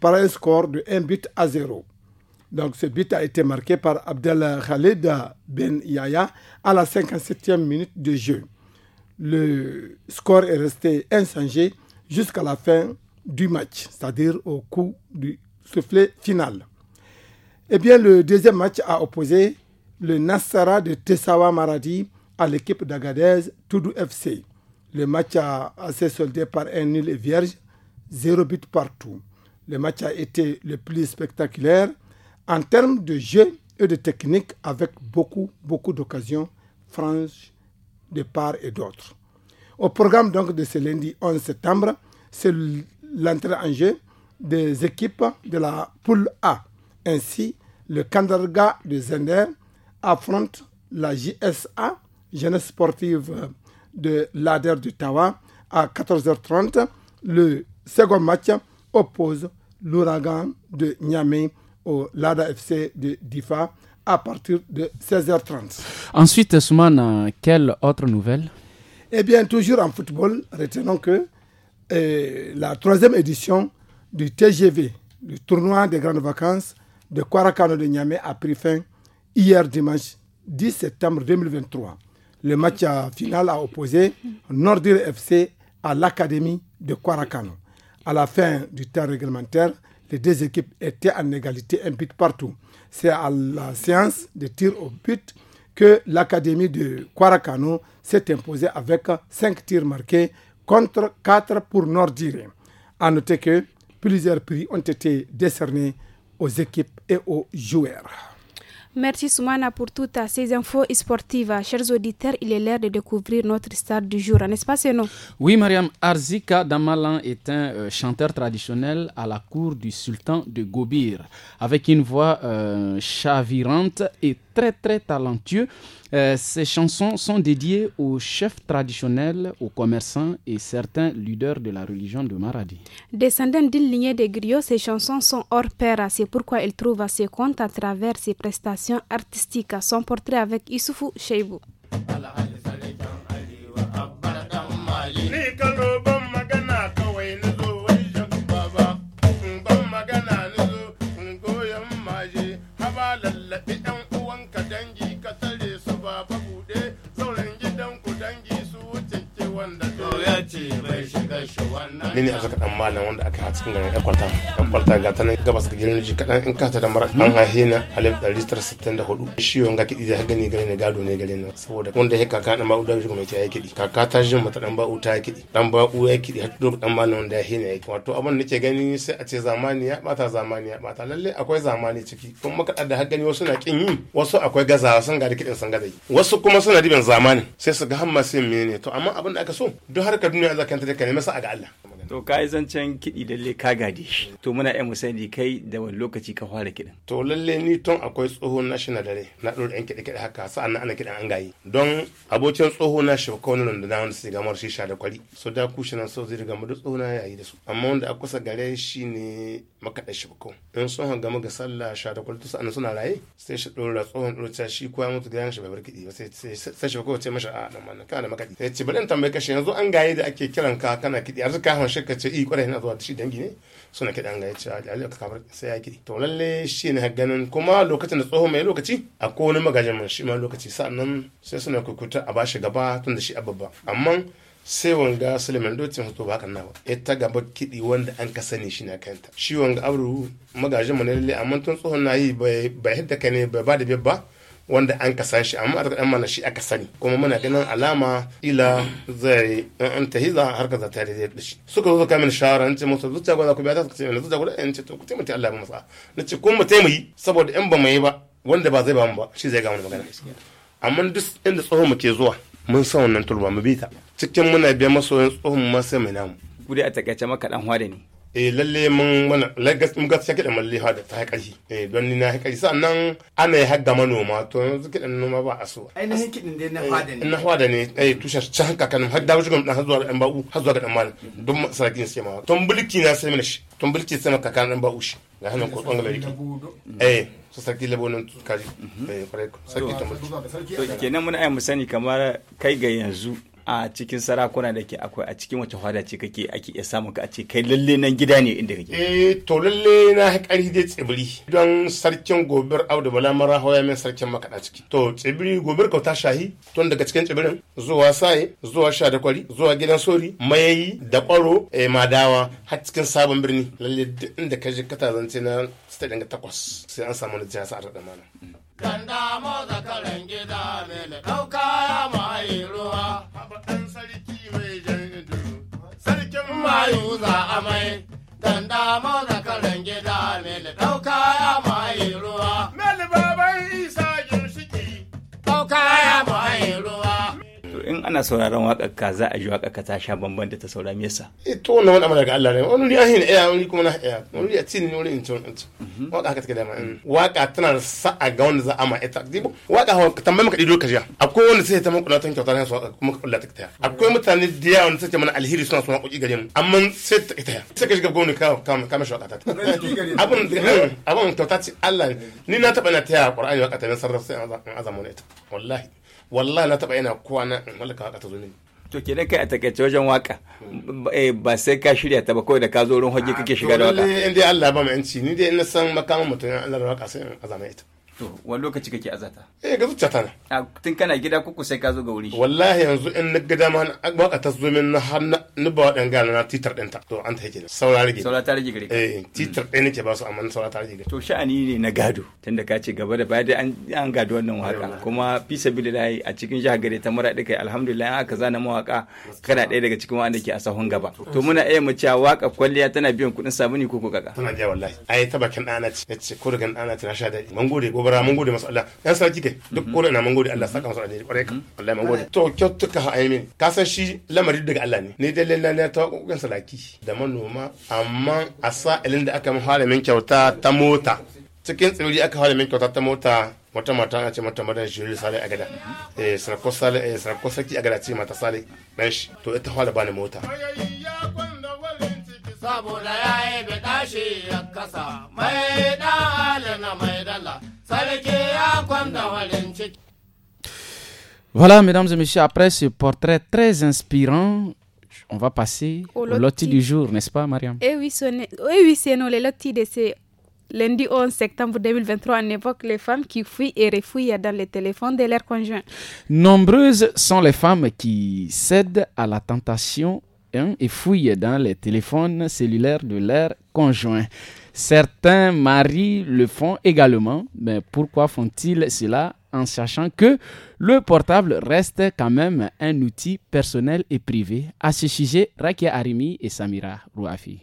L: par un score de 1 but à 0. Donc ce but a été marqué par Abdel Khaled Ben Yaya à la 57e minute de jeu. Le score est resté inchangé jusqu'à la fin du match, c'est-à-dire au coup du soufflet final. Eh bien, le deuxième match a opposé le Nassara de Tessawa Maradi à l'équipe d'Agadez Toudou FC. Le match a, assez soldé par un nul et vierge, zéro but partout. Le match a été le plus spectaculaire en termes de jeu et de technique avec beaucoup, beaucoup d'occasions franches de part et d'autre. Au programme donc de ce lundi 11 septembre, c'est le l'entrée en jeu des équipes de la poule A. Ainsi, le Kandarga de Zender affronte la JSA, Jeunesse sportive de l'ADER du Tawa, à 14h30. Le second match oppose l'ouragan de Niamey au Lada FC de Difa à partir de 16h30.
A: Ensuite, Soumane, quelle autre nouvelle
L: Eh bien, toujours en football, retenons que la troisième édition du TGV, du tournoi des grandes vacances de Kwarakano de Niamey, a pris fin hier dimanche 10 septembre 2023. Le match final a opposé Nordir FC à l'Académie de quaracano À la fin du temps réglementaire, les deux équipes étaient en égalité un but partout. C'est à la séance de tir au but que l'Académie de quaracano s'est imposée avec cinq tirs marqués contre 4 pour nord A À noter que plusieurs prix ont été décernés aux équipes et aux joueurs.
B: Merci Soumana pour toutes ces infos sportives. Chers auditeurs, il est l'heure de découvrir notre star du jour, n'est-ce pas non
A: Oui, Mariam Arzika Damalan est un euh, chanteur traditionnel à la cour du sultan de Gobir, avec une voix euh, chavirante et très très talentueux. Euh, ces chansons sont dédiées aux chefs traditionnels, aux commerçants et certains leaders de la religion de Maradi.
B: Descendant d'une lignée de griots, ces chansons sont hors pair. C'est pourquoi il trouve à ses comptes à travers ses prestations artistiques. Son portrait avec Issoufou Sheibou.
M: team. ne ne arzika dan malam wanda aka yi cikin garin ekwalta ekwalta ga ta nan gabas da girin ji kaɗan in kata da mara an haihe na alif ɗari tara sittin da hudu shi wanga da gani gare ne gado ne gare na saboda wanda ya kaka ɗan ba'u da shi kuma ya kiɗi kaka ta jin mata ɗan ba'u ta kiɗi ɗan ba'u ya kidi. har duk ɗan malam wanda ya hina ya wato abin da ke gani sai a ce zamani ya ɓata zamani ya ɓata lalle akwai zamani ciki kuma makaɗa da har gani wasu na ƙin yi wasu akwai gazawa sun gari sun wasu kuma suna diban zamani sai su ga hamma sai menene to amma abin da aka so duk harkar duniya za ka ka nemi مثلا
N: على magana to yi zancen kiɗi lalle ka gade shi to muna ɗan musali kai da wani lokaci ka fara kiɗan to lalle ni tun akwai tsoho na shi na dare na
M: ɗora yan kiɗe kiɗe haka sa'an ana kiɗan an gayi don abokin tsoho na shi kawai nan da na wani gamar shi sha da kwari so da shi nan so zai riga mu tsoho na yi da su amma wanda a kusa gare shi ne makaɗa shi ko in sun hanga ga sallah sha da kwari tusa suna raye sai shi ɗora tsohon ɗora shi ya mutu da yan shi bai bar kiɗi ba sai shi ko ce masa a nan kana makaɗi sai ce bari in tambaye ka shi yanzu an gaye da ake kiran ka kana kiɗi yanzu ka shakka ce i eh, kwarai na zuwa shi dangi ne suna an gaya cewa alhaji aka kafar sai ya kiɗi to lalle shi ne ganin kuma lokacin da tsohon mai lokaci a kowane magajin mai shi ma lokaci sa'annan sai suna kukuta a bashi gaba tun da shi ababba amma sai wanga suleiman dotin hoto ba na nawa ya ta gaba kiɗi wanda an ka sani shi na kanta shi wanga abru magajin mu lalle amma tun tsohon na yi bai hidda ka ne bai ba da biyar ba wanda an kasa shi amma ɗan mana shi aka sani kuma muna ganin alama ila zai an ta hiza har ka zata da zai shi suka zo suka min shawara nace musu zuciya gwada ku biya ta suka ce zuciya gwada in ce to ku taimaki Allah ya na nace ko mu taimayi saboda in ba mu yi ba wanda ba zai ba mu ba shi zai ga mu magana amma duk inda tsohon mu ke zuwa mun san wannan turba mu bi ta cikin muna biyan masoyin tsohon mu ma sai mai namu ku dai
N: a takaice maka dan hwa da ni
M: eh lalle mun mana lagas mun gaskiya kiɗan malli ha da ta haƙa shi eh don ni na haƙa shi sannan ana yi haƙa manoma to yanzu kiɗan noma ba a so
N: ainihin kiɗan dai na hwada ne eh, na
M: hwada ne eh tushe can haka kan har da wucin dan zuwa dan ba'u hazuwa zuwa ga dan malam mhm. don sarakin sai ma ton bulki na sai mana shi tumbulki bulki sai maka
N: kan dan ba'u shi ga hanan ko tsangala yake eh su sarki labo nan kaji mhm. eh
H: sarki tumbulki to kenan
N: muna ayi mu sani kamar kai ga yanzu a cikin sarakuna da ke akwai a cikin wace hada ce kake ake iya samun ka a ce kai lalle nan gida ne inda kake eh to lalle na hakari dai tsibiri don sarkin gobir audu bala mara hawaya min sarkin makaɗa
M: ciki to tsibiri gobir kauta shahi tun daga cikin tsibirin zuwa saye zuwa sha da kwari zuwa gidan sori mayayi da kwaro eh, madawa har cikin sabon birni lalle duk inda ka je kata zance na state ɗin takwas sai an samu na sa sa'ar da mana. Kanda mo zakaran gida mele ɗauka ya ruwa. mayu za amai,
D: damar da
M: karin gida mele ɗauka ya
N: ana sauraron waƙar ka za a ji waƙar ka ta sha bamban da ta saura me yasa eh to wannan wani amana ga Allah ne wani
M: ya hin iya wani kuma na iya wani ya ne wani in ton mhm. waƙa haka take da ma waƙa tana sa'a ga wanda za a ma ita dibo waƙa hawa tambaye maka dido ka ja akwai wanda sai ta mun kula tan kyauta ne su kuma kula ta ta akwai mutane da yawa wanda suke mana alheri suna suna kuɗi gare mu amma sai ta ita sai ka shiga gwamnati ka ka mashi waƙa ta abun abun kyauta ce Allah ne ni na taɓa na taya Qur'ani waƙa ta ne sarrafa sai an azamu ne ta wallahi wallahi na taba ina kwana in halaka haka ta zo ne.
N: to ke kai a takaice wajen waka eh, ba sai ka shirya ta ba kawai da ka zo wurin hajji kake shiga da waka to
M: in dai Allah ba mu yanci ni dai ina san makamin mutum Allah da waka sai in azama ita
N: to wani lokaci kake azata
M: eh ga zuciya tana. a tun kana gida kuku sai ka zo ga wuri wallahi yanzu in na ma na waka ta zo min har na ba wadan gana na titar ɗinta to an ta yake saura
N: rage saura ta rage gari. eh titar ɗin ke ba su amma saura ta rage gari. to sha'ani ne na gado tunda ka ce gaba da baya da an gado wannan waka kuma fi sabilillahi a cikin jihar gari ta maraɗi kai alhamdulillah aka zana mawaka kana ɗaya daga cikin wanda ke a sahun gaba to muna iya mu cewa waka kwalliya tana biyan kuɗin sabuni ko ko kaka tana biya wallahi ai ta bakin ɗana ce ko daga ɗana ce na sha daɗi mun gobe saurara mun gode masa Allah yan sarki kai
M: duk mhm. ko ina mun gode Allah saka masa ne kwarai ka mhm. Allah mun gode to kyautuka ha ayi ka san shi lamari daga Allah ne ni dai lalle na ta kokarin saraki da manoma amma a ilin da aka mun fara min kyauta ta mota cikin tsirori aka fara min kyauta ta mota wata mata ana ce mata madan shirin sale a gada eh sarko sale eh sarko saki a gada ce mata sale dan shi to ita fara bani mota
A: Voilà, mesdames et messieurs, après ce portrait très inspirant, on va passer au loti, du jour, n'est-ce pas, Mariam
B: Eh oui, eh c'est nous, les lotis de ce lundi 11 septembre 2023, on évoque les femmes qui fuient et refouillent dans les téléphones de leurs conjoints.
A: Nombreuses sont les femmes qui cèdent à la tentation et fouillent dans les téléphones cellulaires de leurs conjoints. Certains maris le font également, mais pourquoi font-ils cela en sachant que le portable reste quand même un outil personnel et privé. À ce sujet, Rakia Arimi et Samira Rouafi.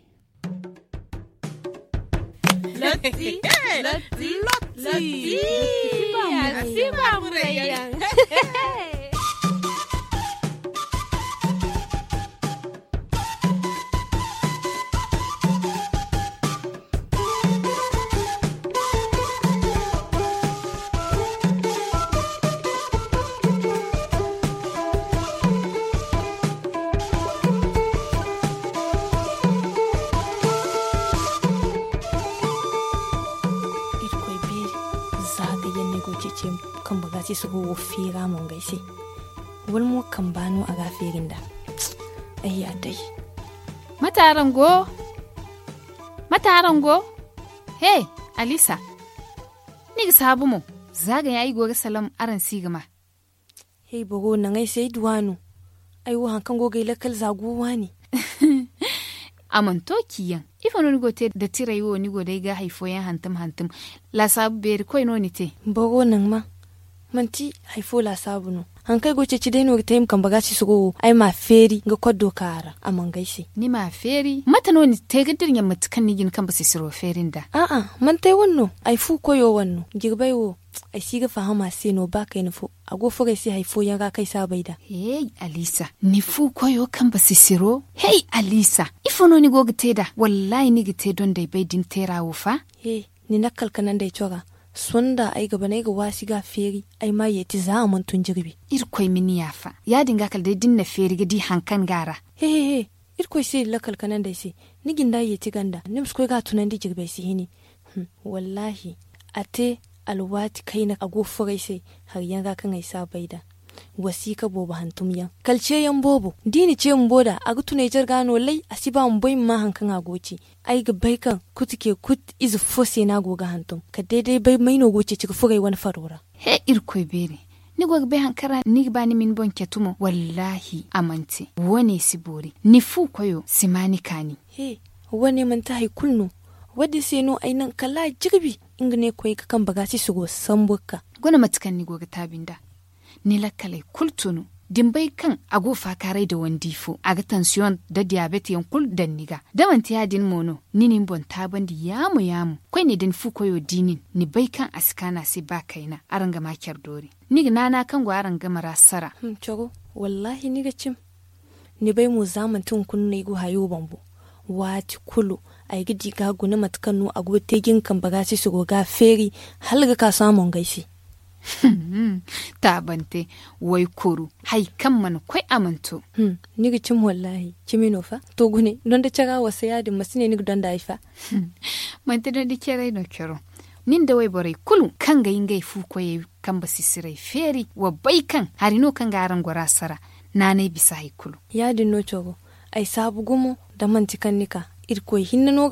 G: si su go fira mun gaisi wal mo kan bano a gafirin da ayya dai mataran go mataran go he alisa ni ga sabu mu zaga yayi gore salam aran sigama hey bogo nan ai sai duwano ai wo hankan gogai lakal zaguwa ne amanto kiyan ifa no te da tirayi wo go dai ga haifo yan hantum hantum la sabu beri koi no te bogo nan ma manti hay fola sabunu hankai goce ci dai no tayim kan baga ci sugo ai ma feri ga koddo kara aman gaishe ni ma feri mata no ni tay gaddir nyam matukan ni gin kan ba siro ferin da a a man tai wonno ai fu koyo wonno girbai wo ai ga fahama sai no ba kai nufo a go fure sai haifo ga kai sabai da hey alisa ni fu koyo kan basi siro hey alisa ifo no ni go gite da wallahi ni gite don dai bai din tera fa hey ni nakkal kanan dai tora. da ai gaba ne ga wasi ga feri ai ma yeti za a mantun jirbi Irkwai mini ya fa ya dinga kal dai dinna feri ga di hankan gara he he he irkwai sai lakal kanan da sai nigin da yeti ganda nims koi ga tunan di jirbe si hini hmm, wallahi te alwati kai na agofarai sai har yanga kan ai sabai da wasika bobo hantum yan kalce yan bobo dini ce boda a gutu ne jar gano lai a asiba bai ma hankan agoci ai ga bai kan kutike kut iz fose na goga hantum ka daidai bai mai no goce cika fugai wani farora he irkoi bere ni gwag bai hankara ni ba ni min bon ketumo wallahi amante wone sibori ni fu koyo simani kani he wone man ta kulnu wadi sai no ainan kala jigbi inga ne koyi kakan bagasi su go sambuka gona matukan ni goga tabinda ni la kultunu dimbai kan ago fakarai da wandifo aga tansiyon da diabetes yan kul dan niga daman ta yadin mono nini bon taban di yamu yamu kwai ni din fu koyo dinin ni bai kan askana sai ba kaina aranga makyar dori ni na kan go aranga marasara sara hmm, chogo wallahi ni ga cim ni bai mu zaman tun kun ne go hayo bambo wati kulu ai gidi ga guna matkanu ago tegin kan baga su go ga feri halga ka samun gaishi bante wai kuru hai kan man kwai amanto hmm, ni ga cin wallahi kimi no fa to gune don da caga wasa yadin masine nigi don da ifa hmm, man ta don da kera no kero nin da wai barai kulu kan ga ingai fu koye kan basisirai feri wa bai kan hari n'o kan ga aran gwara sara na ne bisa hai kulu yadin no cogo ai sabu gumo da kan nika irko hinna no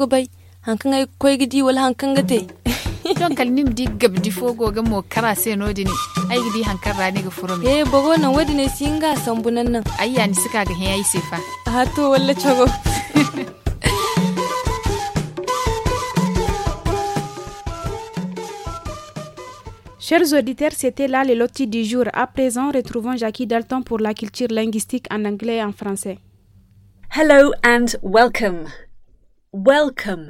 G: hankan ai gidi wala hankan don kalnim di gabdi fogo ga mo kara se no dini ai gidi hankar rani ga furo eh bogo nan wadi ne singa sambunan nan ayya ni suka ga yayi sefa ha to walla chogo
B: Chers auditeurs, c'était là les lotis du jour. À présent, retrouvons Jackie Dalton pour la culture linguistique en anglais et en français.
O: Hello and welcome. Welcome,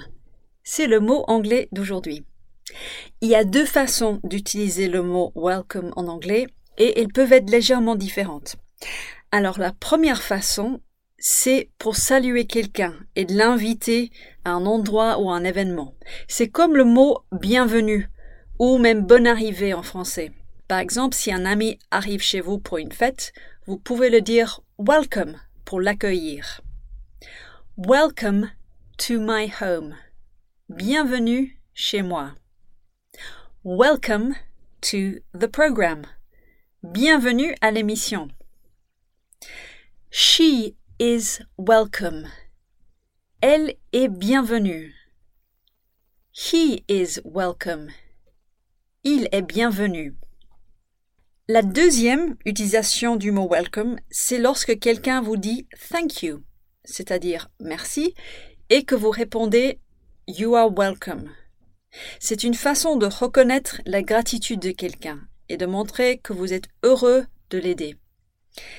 O: c'est le mot anglais d'aujourd'hui. Il y a deux façons d'utiliser le mot welcome en anglais et elles peuvent être légèrement différentes. Alors la première façon, c'est pour saluer quelqu'un et de l'inviter à un endroit ou à un événement. C'est comme le mot bienvenue ou même bonne arrivée en français. Par exemple, si un ami arrive chez vous pour une fête, vous pouvez le dire welcome pour l'accueillir. Welcome to my home. Bienvenue chez moi. Welcome to the program. Bienvenue à l'émission. She is welcome. Elle est bienvenue. He is welcome. Il est bienvenu. La deuxième utilisation du mot welcome, c'est lorsque quelqu'un vous dit thank you, c'est-à-dire merci, et que vous répondez you are welcome. C'est une façon de reconnaître la gratitude de quelqu'un et de montrer que vous êtes heureux de l'aider.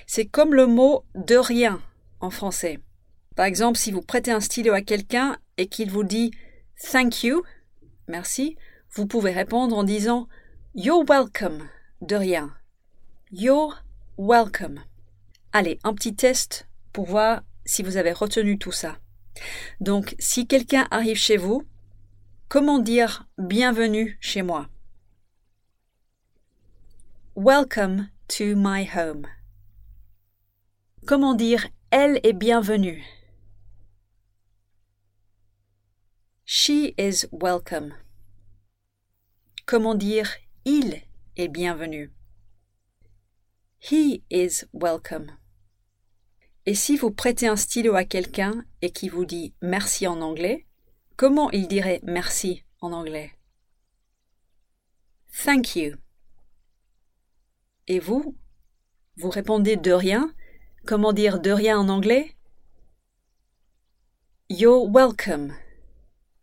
O: C'est comme le mot de rien en français. Par exemple, si vous prêtez un stylo à quelqu'un et qu'il vous dit thank you, merci, vous pouvez répondre en disant you're welcome, de rien. You're welcome. Allez, un petit test pour voir si vous avez retenu tout ça. Donc, si quelqu'un arrive chez vous Comment dire bienvenue chez moi? Welcome to my home. Comment dire elle est bienvenue? She is welcome. Comment dire il est bienvenu? He is welcome. Et si vous prêtez un stylo à quelqu'un et qui vous dit merci en anglais, Comment il dirait merci en anglais Thank you. Et vous Vous répondez de rien Comment dire de rien en anglais You're welcome.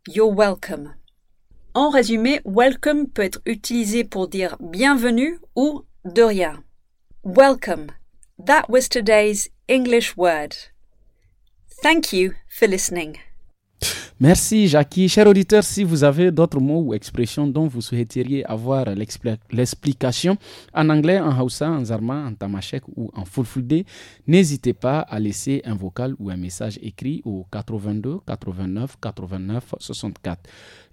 O: You're welcome. En résumé, welcome peut être utilisé pour dire bienvenue ou de rien. Welcome. That was today's English word. Thank you for listening.
A: Merci Jackie. Chers auditeurs, si vous avez d'autres mots ou expressions dont vous souhaiteriez avoir l'explication en anglais, en hausa, en zarma, en tamashek ou en fulfulde, n'hésitez pas à laisser un vocal ou un message écrit au 82 89 89 64.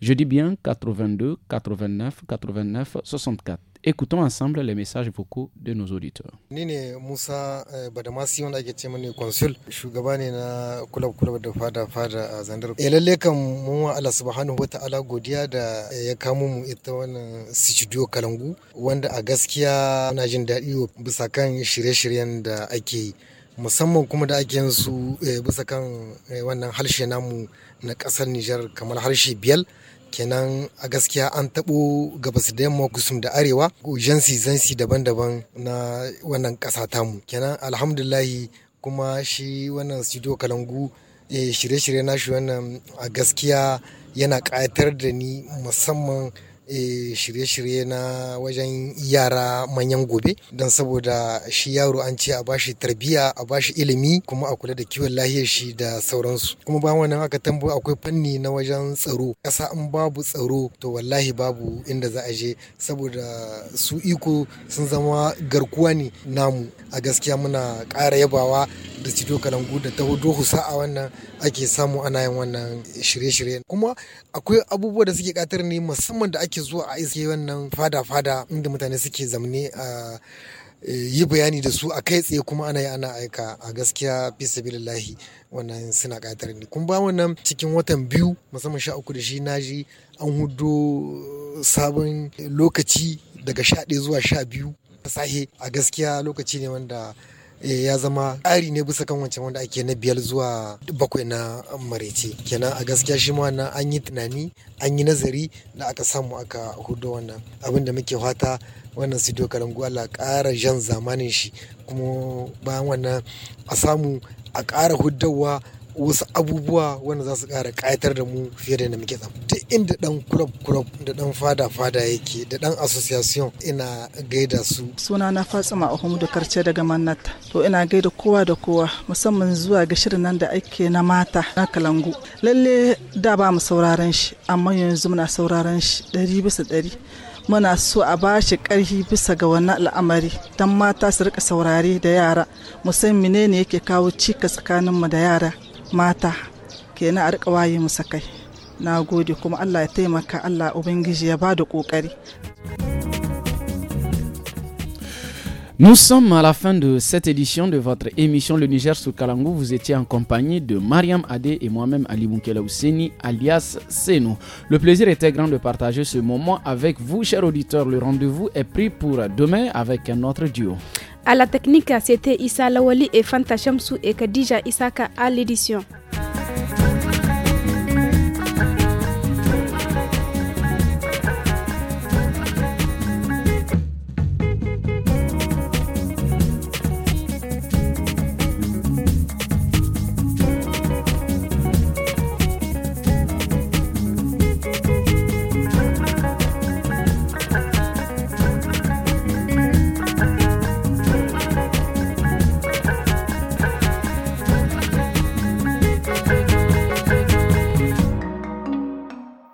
A: Je dis bien 82 89 89 64. Écoutons ensemble les messages vocaux de nos auditeurs.
H: Ni ne Musa eh, Badamasi wanda ake ce mani consul shugaba ne na kulab kulab da fada fada a Zandar. Eh lalle kan mun wa Allah subhanahu wataala godiya da eh, ya kamo mu ita wannan eh, studio Kalangu wanda a gaskiya muna jin dadi bisa kan shirye-shiryen da ake yi. musamman kuma da ake su bisa kan wannan harshe namu na kasar Niger kamar harshe biyal kenan a gaskiya an taɓo gabas da yamma kusum da arewa jansi zansi daban-daban na wannan ƙasa tamu kenan alhamdulahi kuma shi wannan studio kalangu eh, shirye-shirye na shi wannan a gaskiya yana ƙayatar da ni musamman shirye-shirye na wajen yara manyan gobe don saboda shi yaro an ce a bashi tarbiyya a bashi ilimi kuma a kula da kiwon lahiyar shi da sauransu kuma ba wannan aka tambo akwai fanni na wajen tsaro kasa in babu tsaro to wallahi babu inda za a je saboda su iko sun zama garkuwa ne namu a gaskiya muna ƙara yabawa da cito kalangu da ta hudu a wannan ake samu ana yin wannan shirye-shirye kuma akwai abubuwa da suke katar ne musamman da ake zuwa a iske wannan fada-fada inda mutane suke zamne a e, yi bayani da su a kai tsaye kuma ana yi ana aika a gaskiya fi sabilillahi wannan suna ƙayatar ni kuma ba wannan cikin watan biyu musamman sha uku da shi na ji an hudo sabon lokaci daga sha ɗaya zuwa sha biyu fasahe a gaskiya lokaci ne wanda Eh, ya zama ƙari ne bisa kan wancan wanda ake na biyar zuwa bakwai na marece kenan a gaskiya shi ma na an yi tunani an yi nazari da aka samu aka hudu wannan abin da muke fata wannan doka karangu Allah ƙara jan zamanin shi kuma bayan wannan a samu a ƙara huddawa wasu abubuwa wanda za su kara kayatar da mu fiye da yadda muke zama duk inda dan kurab kurab da dan fada fada yake da dan association ina gaida su
F: suna na fatsima a da karce daga mannata to ina gaida kowa da kowa musamman zuwa ga shirin nan da ake na mata na kalangu lalle da ba mu sauraron shi amma yanzu muna sauraron shi Dari bisa dari muna so a ba shi karfi bisa ga wannan al'amari don mata su rika saurare da yara musamman ne yake kawo cika tsakaninmu da yara mata kenan a rika waye musu kai na gode kuma allah ya taimaka allah ubangiji ya ba da ƙoƙari
A: Nous sommes à la fin de cette édition de votre émission Le Niger sous Kalangou. Vous étiez en compagnie de Mariam Adé et moi-même Ali Moukelaou Seni alias Senou. Le plaisir était grand de partager ce moment avec vous, chers auditeurs. Le rendez-vous est pris pour demain avec un autre duo.
B: À la technique, c'était Issa Lawali et Fanta et Kadija Isaka à l'édition.